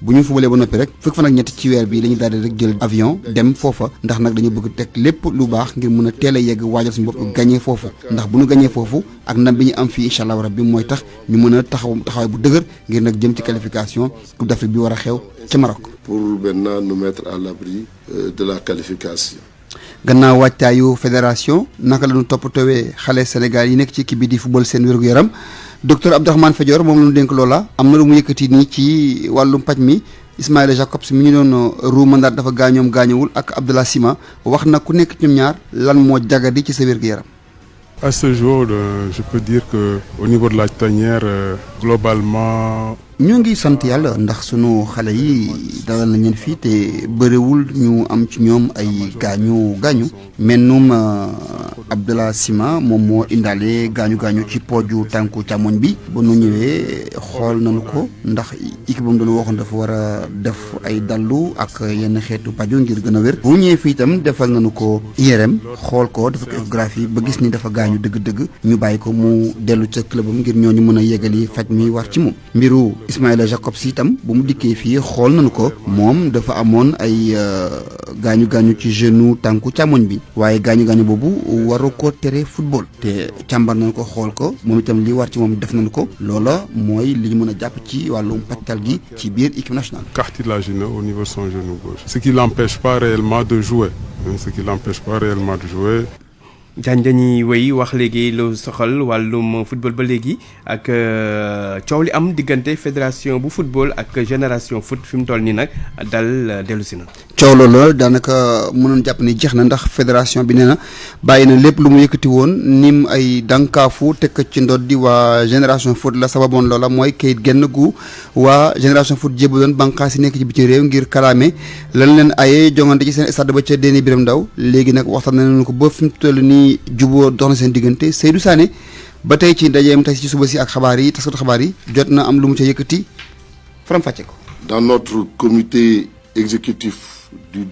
bu ñu fubalee ba noppi rek fukk fan ak ñett ci weer bi dañuy daal di rek jël avion dem foofa ndax nag dañu bëgg teg lépp lu baax ngir mën a teel a yegg waajal suñu bopp gañee foofu ndax bu nu gañee foofu ak ndam bi ñu am fii incha allahu rabbi mooy tax ñu mën a taxaw taxawaay bu dëgër ngir nag jëm ci qualification coupe d'Afrique bi war a xew ca Maroc. pour maintenant nous mettre à l'abri euh, de la qualification. gannaaw waajtaayu fédération naka la ñu toppatoowee xale Sénégal yi nekk ci équipe bi di football seen wér yaram docteur Abdourahmane Fadior mom lu denk lola loola am na lu mu yëkkati ni ci walum paj mi Ismaïla Jacobs mi ñu doon euh, ruu mandat dafa gaañoom gañewul ak Abdallah Sima waxna ku nekk ñoom ñaar lan moo jagadi ci sa gu yaram À ce jour, euh, je peux dire que au niveau de la tanière, euh, globalement. ñoo ngi sant yàlla ndax sunu xale yi dalal nañ leen fii te bëriwul ñu am ci ñoom ay gaañu gaañu mennum euh, Abdallah Sima moom moo indaale gaañu gaañu ci pooju tànku càmmoñ bi ba nu ñëwee xool nañu ko ndax équipe bam doon waxoon dafa war a def ay dallu ak yenn xeetu paju ngir gën a wér bu ñëwee fii itam defal nañu ko IRM xool ko dafa ko échographie ba gis ni dafa gaañu dëgg-dëgg ñu bàyyi ko mu dellu ca clubam ngir ñoo ñooñu mën a yegali faj mi war ci moom mbiru Ismaïla Jacobs itam bu mu dikkee fi xol nañu ko mom dafa amone ay euh, gañu gañu ci genou tànku càmmoñ bi waye gañu gañu bobu waru ko téré football té càmbar nañu ko xol ko mom itam li war ci mom def nañu ko lolo moy li mëna japp ci wàllum patal gi ci biir équipe nationale. cartilagineux au niveau son genou gauche. ce qui l'empêche pas réellement de jouer. ce qui l'empêche pas réellement de jouer. Diagne dañuy wéy wax léegi lu soxal wàllum football ba léegi ak euh, coow li am diggante fédération bu football ak génération foot fi mu toll nii nag dal dellu si na. coow loolu daanaka mënoon jàpp ni jeex na ndax fédération bi nee na bàyyi na lépp lu mu yëkkati woon nim ay dànkaafu teg ci ndoot di waa génération foot la sababoon loola mooy kayit genn gu waa génération foot jébaloon bànqaas nekk ci bi biti réew ngir kalaame lan leen ayee jongante ci seen Ndaw ni juboo dox na seen diggante Seydou Sané ba tey ci ndajeem tey ci suba si ak xabaar yi taskatu xabaar yi jot na am lu mu ca yëkkati faram ko. dans notre comité exécutif du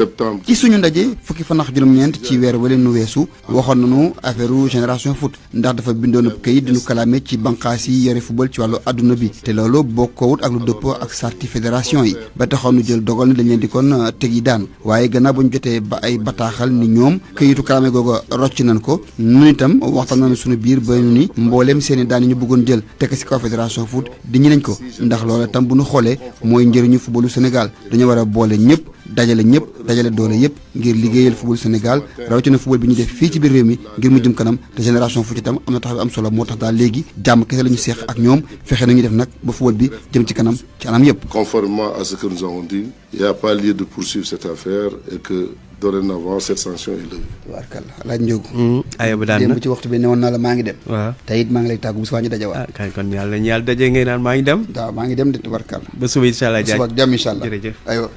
septembre ci suñu ndaje fukki fan ak juróom ci weer wala nu weesu waxoon nañu affaire génération foot ndax dafa bindoon ab këyit diñu kalaame ci banqaas yi yore football ci wàllu adduna bi te loolu bokkoowut ak lu dëppoo ak sarti fédération yi ba taxoon ñu jël dogal ne dañ leen di kon euh, teg daan waaye gannaaw ba ñu ba ay bataaxal ni ñoom këyitu kalaame googu rocc nañ ko nun itam waxtaan nañu suñu biir ba ñu ni mbooleem seeni daan yi ñu bëggoon jël teg si kaw fédération foot di ñi nañ ko ndax loolu itam bu ñu xoolee mooy njëriñu footballu Sénégal dañu war a ñëpp dajale ñëpp dajale doole yëpp ngir liggéeyal football Sénégal rawatina football bi ñu def fii ci biir réew mi ngir mu jëm kanam te génération Foot itam am na taxaw am solo moo tax daal léegi jàmm kese la ñu seex ak ñoom fexe ñu def nag ba football bi jëm ci kanam ci anam yëpp. Conformément à ce que nous avons dit, il n'y a pas lieu de poursuivre cette affaire et que dorénavant cette sanction est levée. tubaarkalla alaaj Ndiogu. Mm-hmm. aywa daan na démb ci waxtu bi newoon naa la maa ngi dem. waaw te it maa ngi lay tàggu bu subaa ñu dajé ah kan kon yàlla ñaal dajé ngay naan maa ngi dem. waaw maa ngi dem de barkal ba suba inshallah allah jaajëf ba suba ak jàmm jërëjëf aywa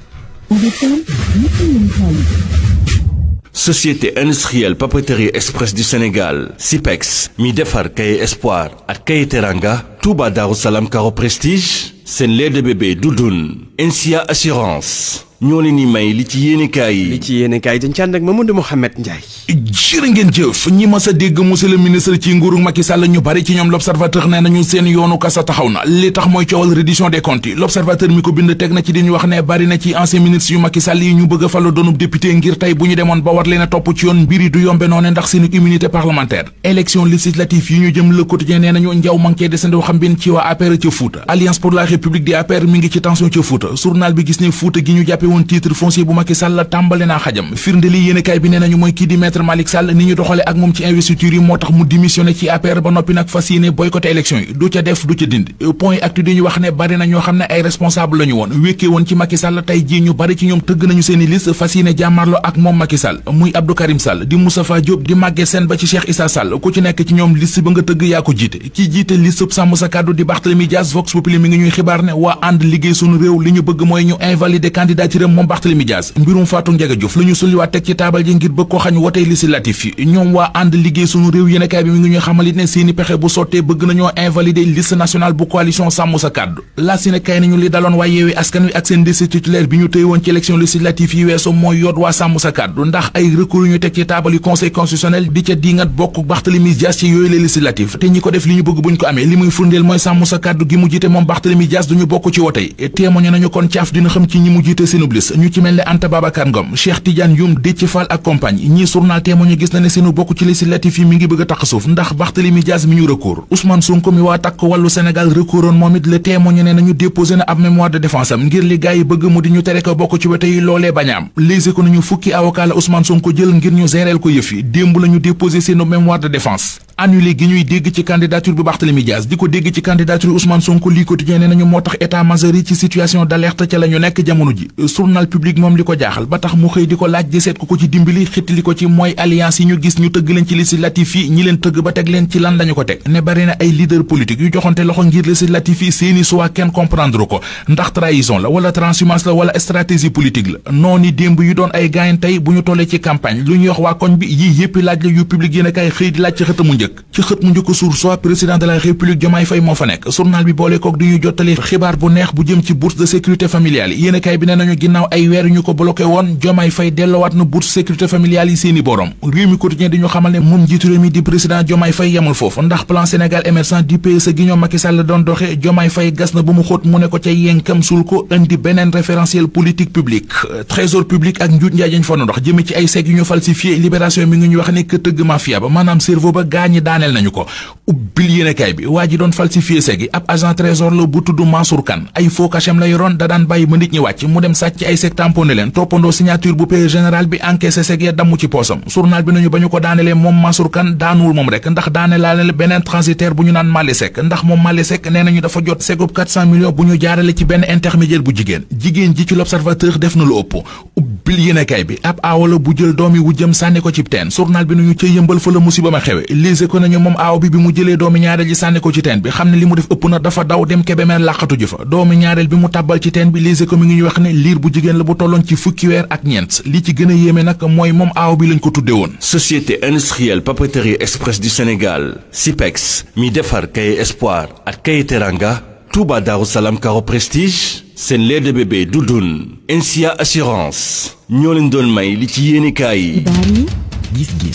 société industrielle papeterie express du Sénégal Cipex, Midefar Kaye espoir ak teranga Touba Darussalam Salam Caro Prestige Senle de bébé Doudoun, NCA assurance ñoo leen di may li ci yéenekaay yi. ci yéenekaay yi dañ ci ànd ak Mamadou Mouhamed Ndiaye. jërë ngeen jëf ñi mas a dégg monsieur le ministre ci nguuru Macky Sall ñu bari ci ñoom l'observateur nee nañu seen yoonu kasa taxaw na li tax mooy coowal reddition des comptes yi l'observateur mi ko bind teg na ci di wax ne bari na ci ancien ministre yu Macky yi ñu bëgg falu doonub député ngir tey bu ñu demoon ba war leen topp ci yoon mbiri du yombe noone ndax woon bu Macky tàmbale naa xajam firnde li yéenekaay bi nee nañu mooy kii di maître Malick Sall ni ñu doxale ak moom ci investiture yi moo tax mu démissionné ci APR ba noppi nag fas yéene boycotté élection yi du ca def du ca dindi point actu di ñu wax ne bari na ñoo xam ne ay responsable la woon wékkee woon ci Macky tey jii ñu bari ci ñoom tëgg nañu seen i liste fas yéene jàmmarloo ak moom Macky muy Abdou Karim Sall di Moustapha Diop di Maguette candidature moom Barthélémy Dias mbirum Fatou Ndiaga Diouf la ñu sulliwaat teg ci taabal ji ngir bëgg koo xañ wotey législatif yi ñoom waa ànd liggéey sunu réew yéenekaay bi mi ngi ñuy xamal ne seeni pexe bu sottee bëgg nañoo invalider liste nationale bu coalition sàmm sa kàddu la si ne nañu li daloon waa yeewi askan wi ak seen liste titulaire bi ñu tëy woon ci élection législative yi weesu mooy yoot waa sàmm sa kàddu ndax ay recours yu ñu teg ci taabal noblesse ci mel ne Anta Babacar Ngom Cheikh Tidiane Youm Déthié Fall ak compagnie ñii journal Témoin gis na ne seenu bokk ci législatif yi mi ngi bëgg a suuf ndax Barthélémy Dias mi ñu recours Ousmane Sonko mi waa takk wàllu Sénégal recours moom it le Témoin ne nañu déposé na ab mémoire de défense ngir li bëgg mu di ñu tere ko bokk ci wete yi loolee bañ léegi ko nañu fukki avocat la Ousmane Sonko jël ngir ñu géreel ko yëf yi démb la ñu journal public moom li ko jaaxal ba tax mu xëy di ko laaj di seet ku ko ci dimbali xittali ko ci mooy alliance yi ñu gis ñu tëgg leen ci législatif yi ñi leen tëgg ba teg leen ci lan lañu ko teg ne bari na ay leader politique yu joxante loxo ngir législatif yi seeni suwaa kenn comprendre ko ndax trahison la wala transhumance la wala stratégie politique la noonu démb yu doon ay gaañ tey bu ñu tollee ci campagne lu ñuy wax waa koñ bi yii yëpp laaj la yu a kaay xëy ginnaaw ay weer ñu ko bloqué woon Diomaye Faye dellowaat na bourse sécurité familiale yi seeni borom réew mi quotidien di ñu xamal ne moom njiitu réew di président Diomaye Faye yemul foofu ndax plan Sénégal émergent di PSE gi ñoom Macky Sall doon doxe Diomaye Faye gas na ba mu xóot mu ne ko ca yenkam suul ko indi beneen référentiel politique publique euh, trésor public ak njuut njaajañ fa ndox jëme ci ay sec yu ñu falsifié libération mi ngi ñu wax da daan bàyyi ma nit ci ay sek tamponné leen toppandoo signature bu payeur général bi encaissé sek ya damu ci poosam journal bi nañu ba ñu ko daanelee moom Mansour daanuwul moom rek ndax daane laale beneen transitaire bu ñu naan Mali Seck ndax moom Mali Seck nee nañu dafa jot segub 400 bu ñu jaarale ci benn intermédiaire bu jigéen jigéen ji ci l'observateur def na lu ëpp ubbil yéenekaay bi ab aaw bu jël doomi wu jëm sànni ko ci teen journal bi nañu ca yëmbal bu jigéen la bu tolloon ci fukki weer ak ñeent li ci gën a yéeme nag mooy moom aaw bi lañ ko tudde woon société industrielle papeterie express du Sénégal SIPEX mi defar Kaye Espoir ak Kaye Teranga Touba Darou salaam Caro Prestige seen lait de bébé Doudoune NSIA Assurance ñoo leen doon may li ci yéenekaay yi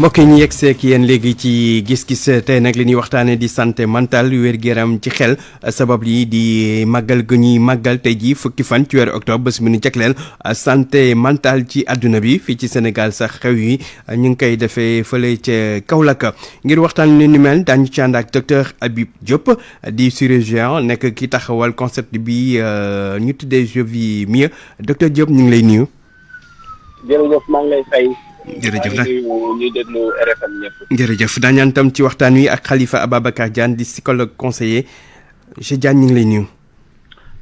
mbokk yi ñu yegg seeg yéen léegi ci gis-gis tey nag li ñuy waxtaanee di santé mentale wér gu ci xel sabab yi di màggal gu ñuy màggal tey jii fukki fan ci weeru octobre bés mi nu jagleel uh, santé mentale ci àdduna bi fii ci Sénégal sax xew yi uh, ñu ngi koy defee fële ca Kaolack ngir waxtaan ni mel daañu ci ànd ak docteur abib Diop uh, di chirurgien nekk ki taxawal concept bi ñu tuddee Je vis mieux docteur Diop ñu ngi lay nuyu. jërëjëf maa ngi lay fay. jërëjëf da ñu déglu RFM ñëpp. ci waxtaan wi ak Khalifa Ababacar Diagne di psychologue conseiller monsieur Diagne ñu ngi lay nuyu.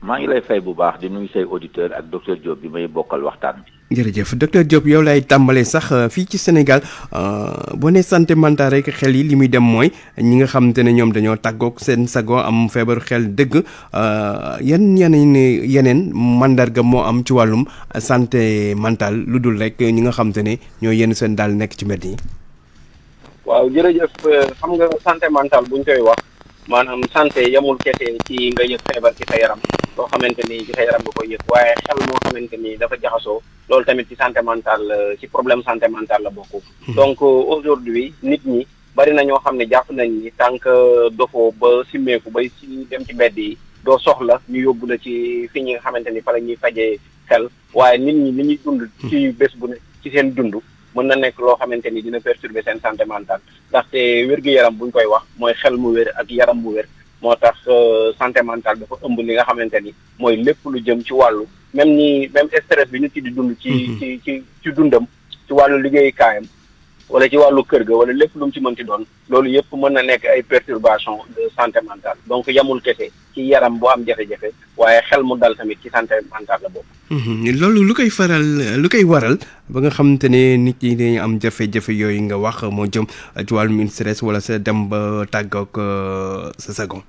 maa ngi lay fay bu baax di nuyu say auditeur ak docteur Diop bi may bokkal waxtaan bi. jërëjëf docteur Diop yow lay tàmbalee sax euh, fii ci Sénégal euh, boo nee santé mentale rek xel yi li muy dem mooy ñi nga xamante ne ñoom dañoo tàggook seen sago am feebaru xel dëgg euh, yan yeneen yeneen mandarga moo am ci wàllum santé mantal lu dul rek ñi nga xamante ne ñoo yenn seen daal nekk ci mbedd yi. waaw jërëjëf xam nga santé mentale buñ koy wax. maanaam santé yamul kese ci nga yëg feebar ci sa yaram loo xamante ni ci sa yaram nga koy yëg waaye xel moo xamante ni dafa jaxasoo loolu tamit ci santé ci problème santé mentale la bokk. Hmm. donc euh, aujourd'hui nit ñi bari na ñoo xam ne jàpp nañ ni tant que dofoo ba simmeeku bay ci dem ci mbedd yi doo soxla ñu yóbbu la ci fi ñi nga xamante ni fa la ñuy fajee xel waaye nit ñi li ñuy dund. ci bés bu ne ci seen dund. mun na nekk loo xamante ni dina perturber seen santé mentale ndaxte wér-gu-yaram bu ñu koy wax mooy xel mu wér ak yaram bu wér moo tax euh, santé mentale dafa ëmb li nga xamante ni mooy lépp lu jëm ci wàllu même ni même stress bi ñu ci di dund. ci mm-hmm. ci ci ci dundam ci wàllu kaayam wala ci wàllu kër ga wala lépp ci mën ci doon loolu yëpp mën na nekk ay perturbation de santé donc yamul kese ci yaram bu am jafe-jafe waaye xel mu dal tamit ci santé mentale la boobu. Mhm. loolu lu koy faral lu koy waral ba nga xamante ne nit ñi dañu am jafe-jafe yooyu nga wax moo jëm ci wàllum stress wala sa dem ba tàggoog euh, sa sagon.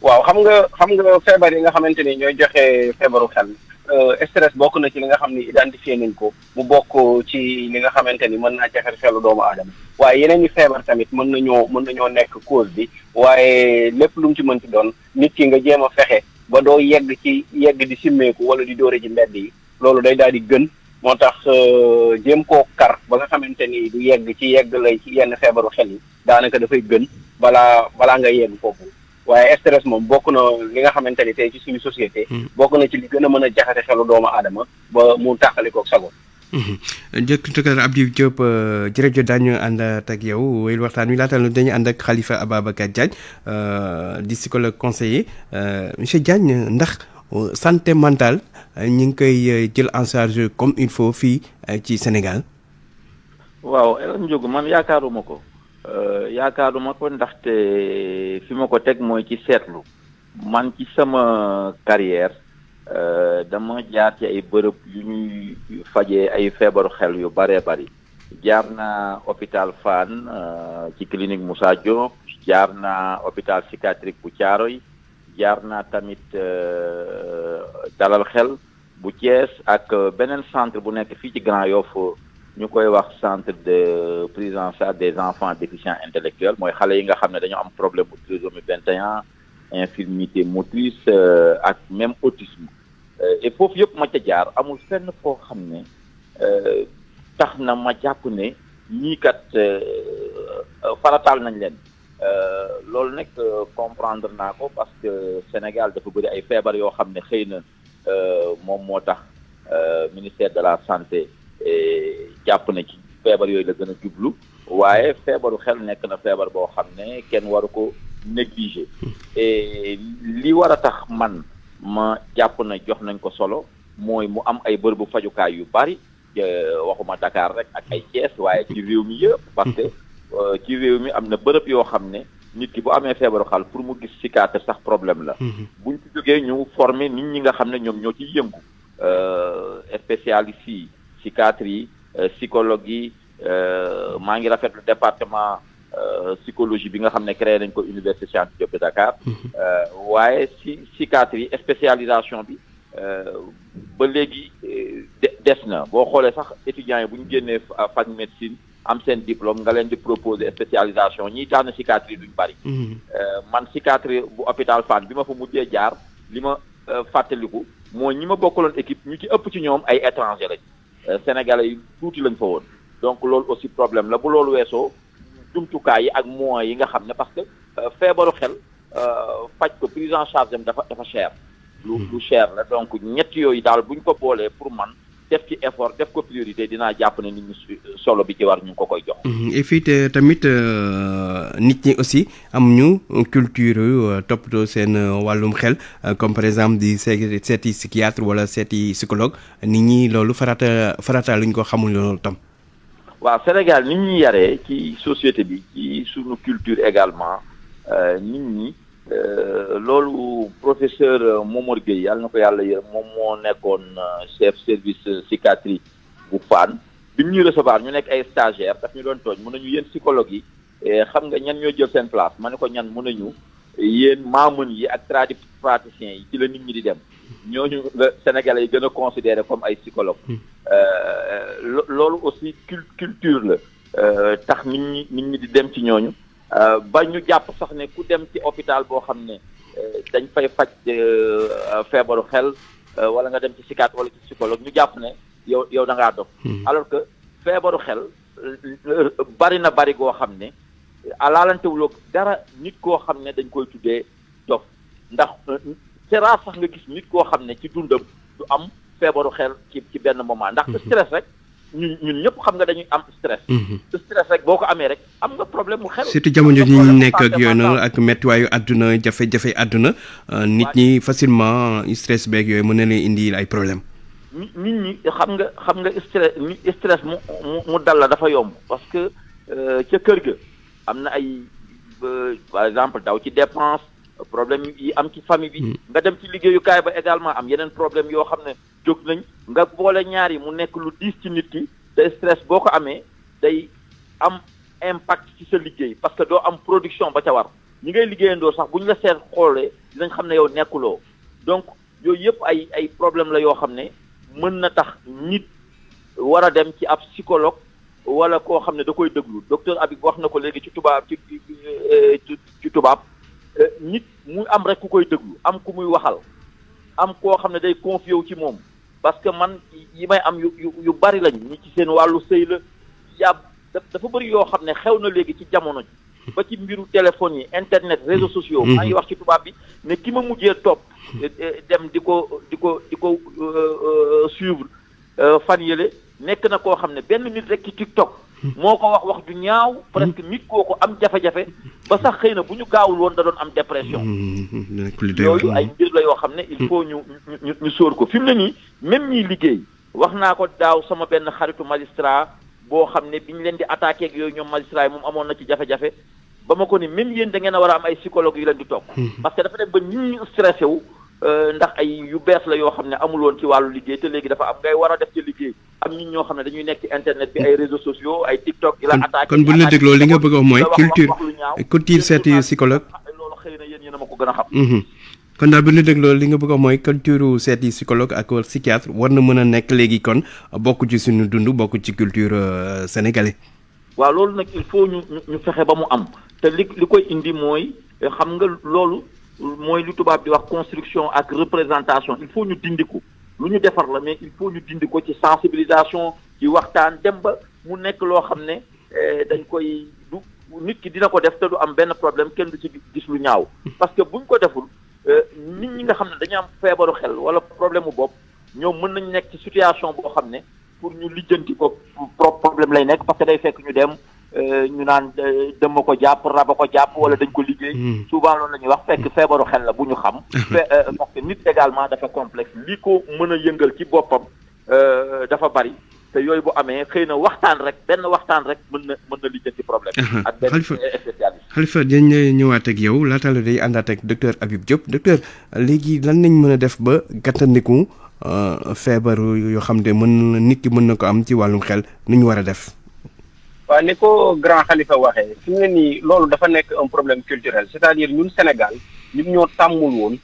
waaw xam nga xam nga feebar yi nga xamante ni ñooy joxe feebaru xel. Euh, stress bokk na ci li nga xam ni identifié nañ ko mu bokk ci li nga xamante ni mën naa jaxal xelu doomu aadama waaye yeneen i feebar tamit mën nañoo mën nañoo nekk cause bi waaye lépp lu ci mën ci doon nit ki nga jéem a fexe ba doo yegg ci yegg di simmeeku wala di dóore ci mbedd yi loolu day daal di gën moo tax euh, jéem koo kar ba nga xamante ni du yegg ci yegg lay ci yenn feebaru xel yi daanaka dafay gën balaa balaa nga yegg foofu waaye stress moom bokk na li nga xamante ni tey ci suñu société. Hmm. bokk na ci li gën a mën a jaxase xelu doomu aadama ba mu tàqalikoog sago. Hmm. jërëjëf Abdou Diop euh, jërëjëf daañu ànd ak yow waxtaan wi laata la dañu ànd ak Khalifa Ababacar Diagne euh, di psychologue conseiller euh, monsieur Diagne ndax santé mentale ñu ngi koy jël en charge comme il faut fii ci Sénégal. waaw El Hadj man yaakaaruma ko. Euh, yaakaaruma ko ndaxte fi ma ko teg mooy ci seetlu man ci sama carrière euh, dama jaar ci ay bërëb yu ñuy faje ay feebaru xel yu bëree bari jaar naa hôpital Fann euh, ci clinique Moussa Diop jaar naa hôpital psychiatrique bu yi jaar naa tamit dalal xel bu Thiès ak beneen centre bu nekk fii ci Grand Yoff Nous koy wax centre de prise en charge des enfants déficients intellectuels Moi, xale yi nga xam ne am problème de trisomie 21 infirmité motrice euh, ak même autisme euh, et foofu yëpp ma ca jaar amul fenn foo xam ne euh, tax na ma jàpp ne ñii kat nañ loolu nag comprendre naa ko parce que Sénégal dafa bëri ay feebar yoo xam ne xëy na moom moo tax ministère de la santé Eh, jàpp na ci feebar yooyu la gën a jublu waaye feebaru xel nekk na feebar boo xam ne kenn waru ko négliger et eh, li war a tax man ma jàpp na jox nañ ko solo mooy mu am ay bërëbu fajukaay yu bari waxuma Dakar rek ak ay Thiès waaye ci réew mi yëpp parce euh, ci réew mi am na bërëb yoo xam ne nit ki bu amee feebaru xal pour mu gis cicatrice sax problème la mm-hmm. buñ ci jógee ñu former nit ñi nga xam ne ñoom ñoo ciy yëngu euh, spécialiste yi psychiatrie, euh, psychologie, psychologue euh, yi maa département euh, psychologie bi nga créé ko université de Dakar mhm. psychiatrie spécialisation bi ba des étudiants yi médecine am diplôme nga di proposer spécialisation psychiatrie duñ bari mhm. man psychiatrie bu hôpital bi fa jaar équipe ñu ci ëpp ci Euh, sénégalais yi tuuti lañ fa woon donc loolu aussi problème la bu loolu weesoo jumtukaay yi ak moyens yi nga xam ne parce que euh, feebaru xel euh, faj ko prise en charge am dafa dafa cher. lu lu cher la donc ñett yooyu daal bu ñu ko boolee pour man. def ci effort def ko priorité dinaa jàpp na nit ñi solo bi ci war ñu ngi ko koy jox. Mm-hmm. et fii tamit euh, nit ñi aussi am ñu culture euh, toppatoo seen euh, wàllum xel comme par exemple di seeti psychiatre wala seeti psychologue nit ñi loolu farata farata luñ ko xamul loolu tam. waa Sénégal nit ñi yaree ci société bi ci sunu culture également nit ñi. Euh, loolu professeur euh, Momar Gueye yàlla na ko yàlla yërëm moom moo nekkoon euh, chef service psychiatrie bu Fann bi mu ñuy recevoir ñu nekk ay stagiaire daf ñu doon tooñ mun nañu yéen psychologue yi eh, xam nga ñan ñoo jël seen place ma ne ko ñan mun nañu yéen maamën yi ak praticien yi ci la nit ñi di dem ñooñu la Sénégalais yi gën a considéré comme ay psychologue hmm. loolu aussi culture la tax nit ñi nit ñi di dem ci ñooñu Euh, ba ñu jàpp sax ne ku dem ci hôpital boo xam ne euh, dañ fay faj euh, feebaru xel wala nga dem ci psychiatre wala ci psychologue ñu jàpp ne yow yow da ngaa dof hmm. alors que feebaru xel bari na bari goo xam ne alaalantewuloo dara nit koo xam ne dañ koy tuddee dof ndax sera sax nga gis nit koo xam ne ci dundam du am feebaru xel ci ci benn moment ndax hmm. stress rek ñun ñun ñëpp xam nga dañuy am stress. Mhm. stress rek boo ko amee rek am nga problème mu xel. surtout jamono ji ñu nekk ak yooyu noonu ak méttiwaayu àdduna jafe-jafe àdduna. Euh, nit ñi facilement stress beeg yooyu mën na leen indi ay problème nit ñi xam nga xam nga stress mu mu dal la dafa yomb parce que euh, ca kër ga am na ay euh, par exemple daw ci dépense. problème yi am ci famille bi. Hmm. nga dem ci liggéeyukaay ba également am yeneen problème yoo xam ne jóg nañ. nga boole ñaar yi mu nekk lu diis ci nit ki te stress boo ko amee day am impact ci sa liggéey parce que doo am production ba ca war ñi ngay liggéeyandoo sax buñ la seet xoolee dinañ xam ne yow nekkuloo donc yooyu yëpp ay ay problème la yoo xam ne mën na tax nit war a dem ci ab psychologue wala koo xam ne da koy déglu docteur Habib wax na ko léegi ci tubaab ci ci euh, tubaab. Euh, nit muy am rek ku koy déglu am ku muy waxal am koo xam ne day confié ci moom parce que man yi may am yu yu bari lañ ñi ci seen wàllu sëy la yàbb dafa bëri yoo xam ne xew na léegi ci jamono ji ba ci mbiru téléphone yi internet réseaux sociaux mhm. maa ngi wax ci tubaab bi ne ki ma mujjee topp euh, euh, dem di ko di ko di ko suivre fan yële nekk na koo xam ne benn nit rek ci TikTok moo ko wax wax ju ñaaw presque nit koo ko am jafe-jafe ba sax xëy na bu ñu gaawul woon da doon am dépression yooyu ay mbir la yoo xam ne il faut ñu ñu ñu sóor ko fi mu ne nii même ñiy liggéey wax naa ko daaw sama benn xaritu magistrat boo xam ne bi ñu leen di attaqué ak yooyu ñoom magistrat yi moom amoon na ci jafe-jafe ba ma ko ni même yéen da ngeen a war a am ay psychologue yu leen di toog hmm. parce que dafa dem ba nit ñi stressé wu Euh, ndax ay yu bees la yoo xam ne amul woon ci wàllu liggéey te léegi dafa am ngay war a def ci liggéey am ñun ñoo xam ne dañuy nekk ci internet bi ay réseaux sociaux ay TikTok. di la attaqué kon bu ñu la dégloo li nga bëgg a wax mooy. culture culture seeti psychologue. na yéen yéen a ma ko gën a xam. Mhm. kon daal li nga bëgg a wax mooy culture seeti psychologue ak psychiatre war na mën a nekk léegi kon bokk ci suñu dund bokk ci culture euh, sénégalais. waaw loolu nag il faut ñu ñu fexe ba mu am te li li koy indi mooy xam nga loolu. moy lu tubab di wax construction ak représentation il faut ñu dindi lu ñu défar la mais il faut ñu dindiko ci sensibilisation ci waxtaan dem ba mu nekk loo xam ne eh, dañ koy du nit ki dina ko def te du am benn problème kenn du ci gis lu ñaaw. parce que buñ ko deful eh, nit ñi nga xam ne dañu am feebaru xel wala problème mu bopp ñoom mën nañu nekk ci situation boo xam ne pour ñu lijjanti ko problème lay nekk parce que day fekk ñu dem. Euh, ñu naan dem euh, dëmm ko jàpp raba ko jàpp wala dañ ko liggéey. Hmm. souvent loolu la ñuy wax fekk feebaru xel la bu ñu xam. Hmm. Euh, parce que nit également dafa complexe li ko mën a yëngal ci boppam dafa bari te yooyu bu amee xëy na waxtaan rek benn waxtaan rek mën na mën na lijjanti problème. Hmm. ak benn spécialiste Khalifa dañ lay ñëwaat ak yow laata la day àndaat ak docteur Habib Diop docteur léegi lan nañ mën a def ba gàttandiku feebar yoo xam ne mën na nit ki mën na ko am ci wàllum xel ni ñu war a def. waa ni ko grand xalifa waxee fi mu ne nii loolu dafa nekk un problème culturel c'est-à-dire ñun Sénégal ñun ñoo tàmmul woon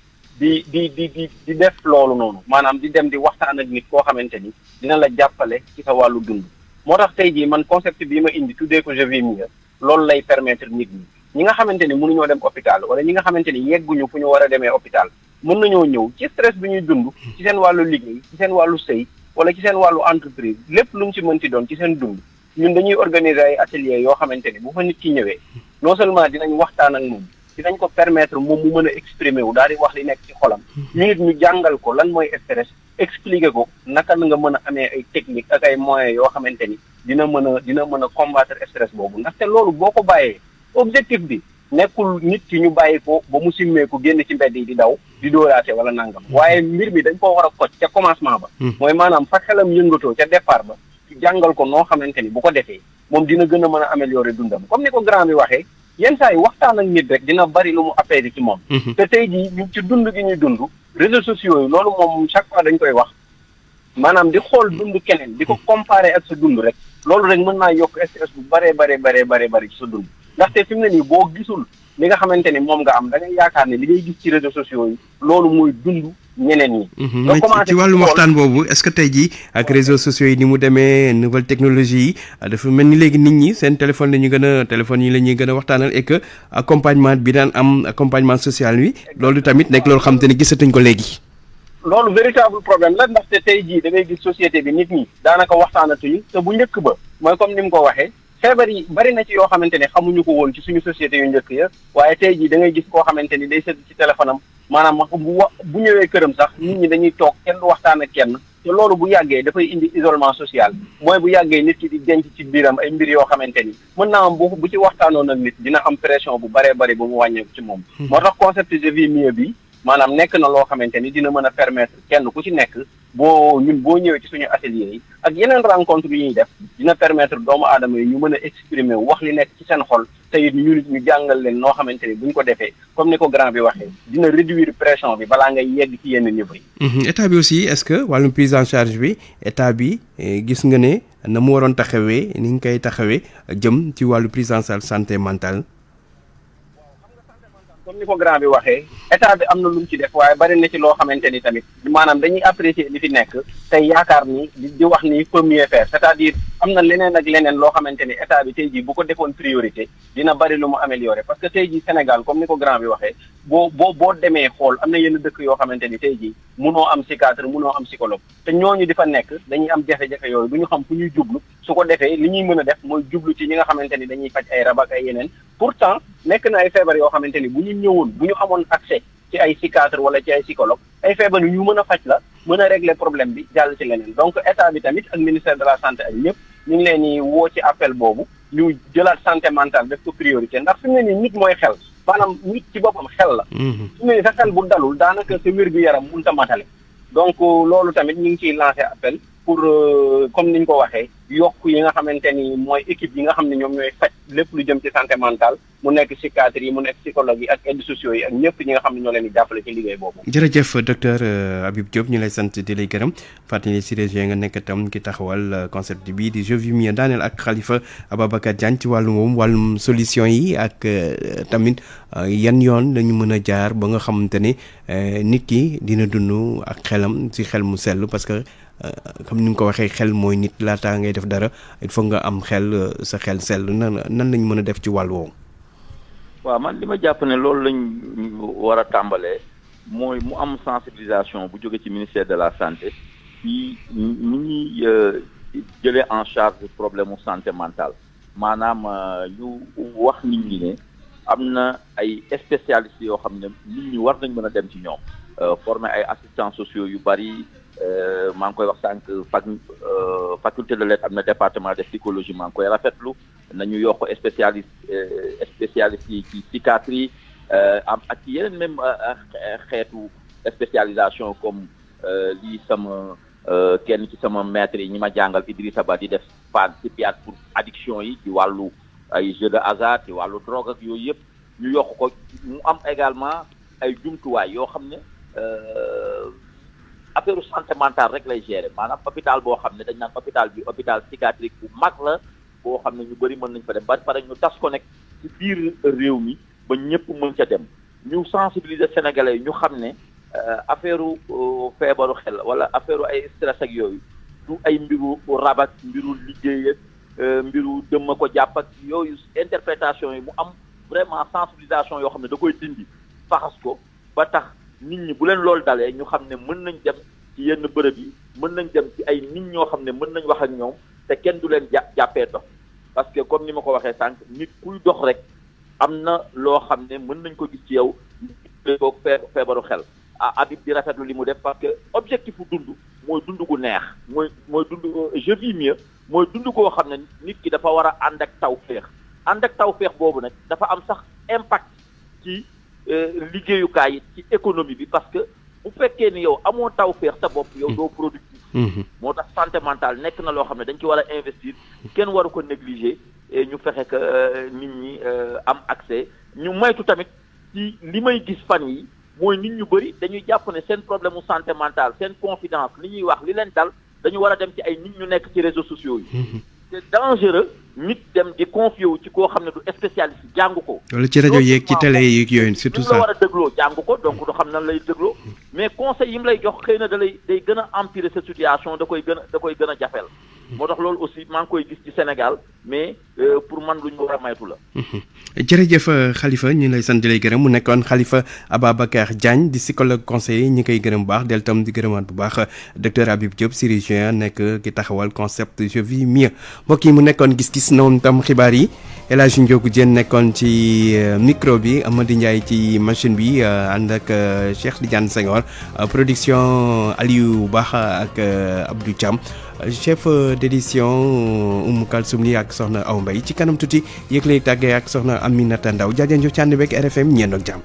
di di di di di def loolu noonu maanaam di dem di waxtaan ak nit koo xamante ni dina la jàppale ci sa wàllu dund. moo tax tey jii man concept bii ma indi tuddee ko je vis mieux loolu lay permettre nit ñi nga xamante ni mënuñoo dem hôpital wala ñi nga xamante ni yegguñu fu ñu war a demee hôpital mën nañoo ñëw ci stress bi ñuy dund. ci seen wàllu liggéey ci wàllu sëy wala ci seen wàllu entreprise lépp lu mu ci doon ci seen dund. ñun dañuy organiser ay atelier yoo xamante ni bu fa nit ki ñëwee non seulement dinañu waxtaan ak moom dinañ ko permettre moom mu mën a exprimer wu daal di wax li nekk ci xolam ñu mhm. nit ñu jàngal ko lan mooy stress expliquer ko naka la nga mën a amee ay technique ak ay moyens yoo xamante ni dina mën a dina mën a combattre stress boobu ndaxte loolu boo ko bàyyee objectif bi nekkul nit ki ñu bàyyi ko ba mu simmee simmeeku génn ci mbedd yi di daw di dóoraate wala nangam mhm. waaye mbir mi dañ koo war a koj ca commencement ba mhm. mooy maanaam fa xelam yëngatoo ca départ ba jàngal ko noo xamante ni bu ko defee moom dina gën a mën a améliorer dundam comme ni ko grand bi waxee yenn saa yi waxtaan ak nit rek dina bari lu mu affaire ci moom. Mhm. te tey jii ci dund gi ñuy dund. réseaux sociaux yi loolu moom chaque fois dañ koy wax maanaam di xool dund keneen di ko mhm. comparer ak sa dund rek loolu rek mën naa yokk stress bu baree baree baree baree bari sa dund ndaxte fi mu ne nii boo gisul. li nga xamante ne moom nga am da yaakaar ne li ngay gis ci réseaux sociaux yi loolu mooy dund ñeneen ñi. Mhm. ci wàllu waxtaan boobu est-ce que tey jii ak réseaux sociaux yi ni mu demee nouvelle technologie yi dafa mel ni léegi nit ñi seen téléphone la ñu gën a téléphone yi la ñuy gën a waxtaanal et que accompagnement bi daan am accompagnement social bi loolu tamit nekk loolu xam te ne gisatuñ ko léegi. loolu véritable problème la ndaxte tey jii da ngay gis société bi nit ñi daanaka waxtaanatuñu te bu ba mooy comme ni mu ko waxee. feebar yi bari na ci yoo xamante ne xamuñu ko woon ci suñu société yu njëkk ya waaye tey jii dangay gis koo xamante ni day sëdd ci téléphone maanaam bu wa bu ñëwee këram sax nit ñi dañuy toog kenn waxtaan ak kenn te loolu bu yàggee dafay indi isolement social mooy bu yàggee nit ki di denc ci biiram ay mbir yoo xamante ni mën naa am bu bu ci waxtaanoon ak nit dina am pression bu baree bari bu mu wàññeeku ci moom. Hmm. moo tax concept je vis mieux bi. maanaam nekk na loo xamante ni dina mën a permettre kenn ku ci nekk boo ñun boo ñëwee ci suñu atelier yi ak yeneen rencontre yi ñu def dina permettre doomu aadama yi ñu mën a exprimer wax li nekk ci seen xol tey ñu ñu jàngal leen noo xamante ni bu ñu ko defee comme ni ko grand bi waxee dina réduire pression bi balaa ngay yegg ci yenn niveau yi. Mhm. état bi aussi est que wàllu prise en charge bi état bi eh, gis nga ne na mu waroon taxawee ni ñu koy taxawee jëm ci wàllu prise en charge santé mentale. comme ni ko grand bi waxee etat bi am na lu mu ci def waaye bari na ci loo xamante ni tamit maanaam dañuy apprécier li fi nekk tey yaakaar ni di wax ni peut mieux faire cest à am na leneen ak leneen loo xamante ni état bi tey jii bu ko defoon priorité dina bari lu mu améliorer parce que tey jii Sénégal comme ni ko grand bi waxee boo boo boo demee xool am na yenn dëkk yoo xamante ni tey jii munoo am psychiatre munoo am psychologue te ñooñu di fa nekk dañuy am jafe-jafe yooyu ñu xam fu ñuy jublu su ko defee li ñuy mën a def mooy jublu ci ñi nga xamante ni dañuy faj ay rab ak ay yeneen pourtant nekk na ay feebar yoo xamante ni bu ñu ñëwoon bu ñu amoon accès ci ay psychiatre wala ci ay psychologue ay feebar yu ñu mën a faj la mën a régler problème bi jàll ci leneen donc état bi tamit ak ministère de la santé ak ñëpp ñu ngi leen di woo ci appel boobu ñu jëlaat santé mentale def ko priorité ndax fi mu ne nii nit mooy xel maanaam nit ci boppam xel la. Mhm. fi mu ne bu dalul daanaka sa wér yaram mënut a donc loolu tamit ñu ngi ciy lancé appel pour euh, comme ni ñu ko waxee yokk yi nga xamante ni mooy équipe yi nga xam ne ñoom ñooy faj lépp lu jëm ci santé mu nekk psychiatre yi mu nekk psychologue yi ak aides sociaux yi ak ñëpp ñi xam ne ñoo leen di jàppale ci liggéey boobu. jërëjëf docteur euh, Habib Diop ñu lay sant di lay gërëm fàttali si région nga nekk tam ki taxawal euh, concept bii di Je vis daaneel ak Khalifa Ababacar Diagne ci wàllu moom wàllum solution yi ak euh, tamit yan yoon lañu mën a jaar ba nga xamante ne nit ki dina dund ak xelam si xel mu sell parce que. Euh, comme ni nga ko waxe xel mooy nit ta ngay def dara il faut nga am xel euh, sa xel sel nan nan lañ mën def ci walu woowu. waaw man li japp ne lolou lañ wara tambalé moy mu am sensibilisation bu jóge ci ministère de la santé ci ni ñuy euh, jëlee en charge du problème mu santé mentale manam ñu wax nit ñi ne amna ay spécialistes yo xam nit ñi war nañ mën dem ci ñoom former ay assistants sociaux yu bari. Euh, maa ngi koy wax sànq fac euh, faculté de lettres am na département de psychologie maa ngi koy rafetlu nañu yokk spécialiste euh, spécialiste yi ci psychiatrie am ak ci yeneen même xeetu spécialisation comme li sama kenn ci sama maître yi ñi ma jàngal Idrissa Ba di def PAD psychiatre pour addiction yi ci wàllu ay jeu de hasard ci wàllu drogue ak yooyu yëpp ñu yokk ko mu am également ay jumtuwaay yoo xam ne affaire santé mentale rek lay gérer maanaam hôpital boo xam ne dañ naan hôpital bi hôpital psychiatrique bu mag la boo xam ne ñu bëri mën nañ fa dem ba pare ñu tas ko nekk ci biir réew mi ba ñëpp mën ca dem ñu sensibiliser sénégalais yi ñu xam ne euh, affaire euh, feebaru xel wala affaire ay stress ak yooyu du ay mbiru rabat mbiru liggéey ak euh, mbiru dëmm ko jàpp ak yooyu interprétation yi mu am vraiment sensibilisation yoo xam ne da koy dindi faxas ko ba tax nit ñi bu leen loolu dalee ñu xam ne mën nañ dem ci yenn bërëb yi mën nañ dem ci ay nit ñoo xam ne mën nañ wax ak ñoom te kenn du leen jà jàppee dox parce que comme ni ma ko waxee sànq nit kuy dox rek am na loo xam ne mën nañ ko gis ci yow boog feebaru xel ah Habib di rafetlu li mu def parce que objectif bu dund mooy dund ku neex mooy mooy dund euh, je vis mieux mooy dund koo xam ne nit ki dafa war a ànd ak taw féex ànd ak taw feex boobu nag dafa am sax impact ci Euh, liggéeyukaay ci économie bi parce que bu fekkee ni yow amoo taw feex sa bopp yow doo productif mm-hmm. moo tax santé mentale nekk na loo xam ne dañ ci war a investir kenn waru ko négliger ñu fexe que euh, nit ñi euh, am accès ñu maytu tamit ci li may gis fan yi mooy nit ñu bëri dañuy jàpp ne seen problème santé mentale seen confidence li ñuy wax li leen dal dañu war a dem ci ay nit ñu nekk ci réseaux sociaux yi mm-hmm c'est dangereux nit dem di confier wu ci koo xam ne du spécialiste jàng ko. wala ci rajo yeeg ci télé yeeg yooyu surtout ça la war a dégloo jàng ko donc du xam nan lay dégloo. Mm. mais conseil yi mu lay jox xëy na da lay day gën a empirer sa situation da koy gën a da koy gën a jafeel. moo tax loolu aussi maa koy gis ci Sénégal mais euh, pour man lu ñu war a maytu la. jërëjëf euh, Khalifa ñu lay sant di lay gërëm mu nekkoon xalifa Khalifa Ababacar Diagne di psychologue conseiller ñi koy gërëm bu baax del tam di gërëmaat bu baax docteur Habib Diop chirurgien nekk ki taxawal concept je vis mieux mbokk yi mu nekkoon gis-gis noonu tam xibaar yi. El Hadj Ndiogou Diène nekkoon ci euh, micro bi Amady Ndiaye ci machine bi euh, ànd ak euh, Cheikh Tidiane Senghor production Aliou baax ak Abdou Thiam chef d'édition Oumou Kalsoum li ak soxna Aw mbay ci kanam tuuti yëg lay tàggee ak soxna Aminata Ndaw jaajëf Ndiou Thiam beeg RFM ñeent ak jàmm.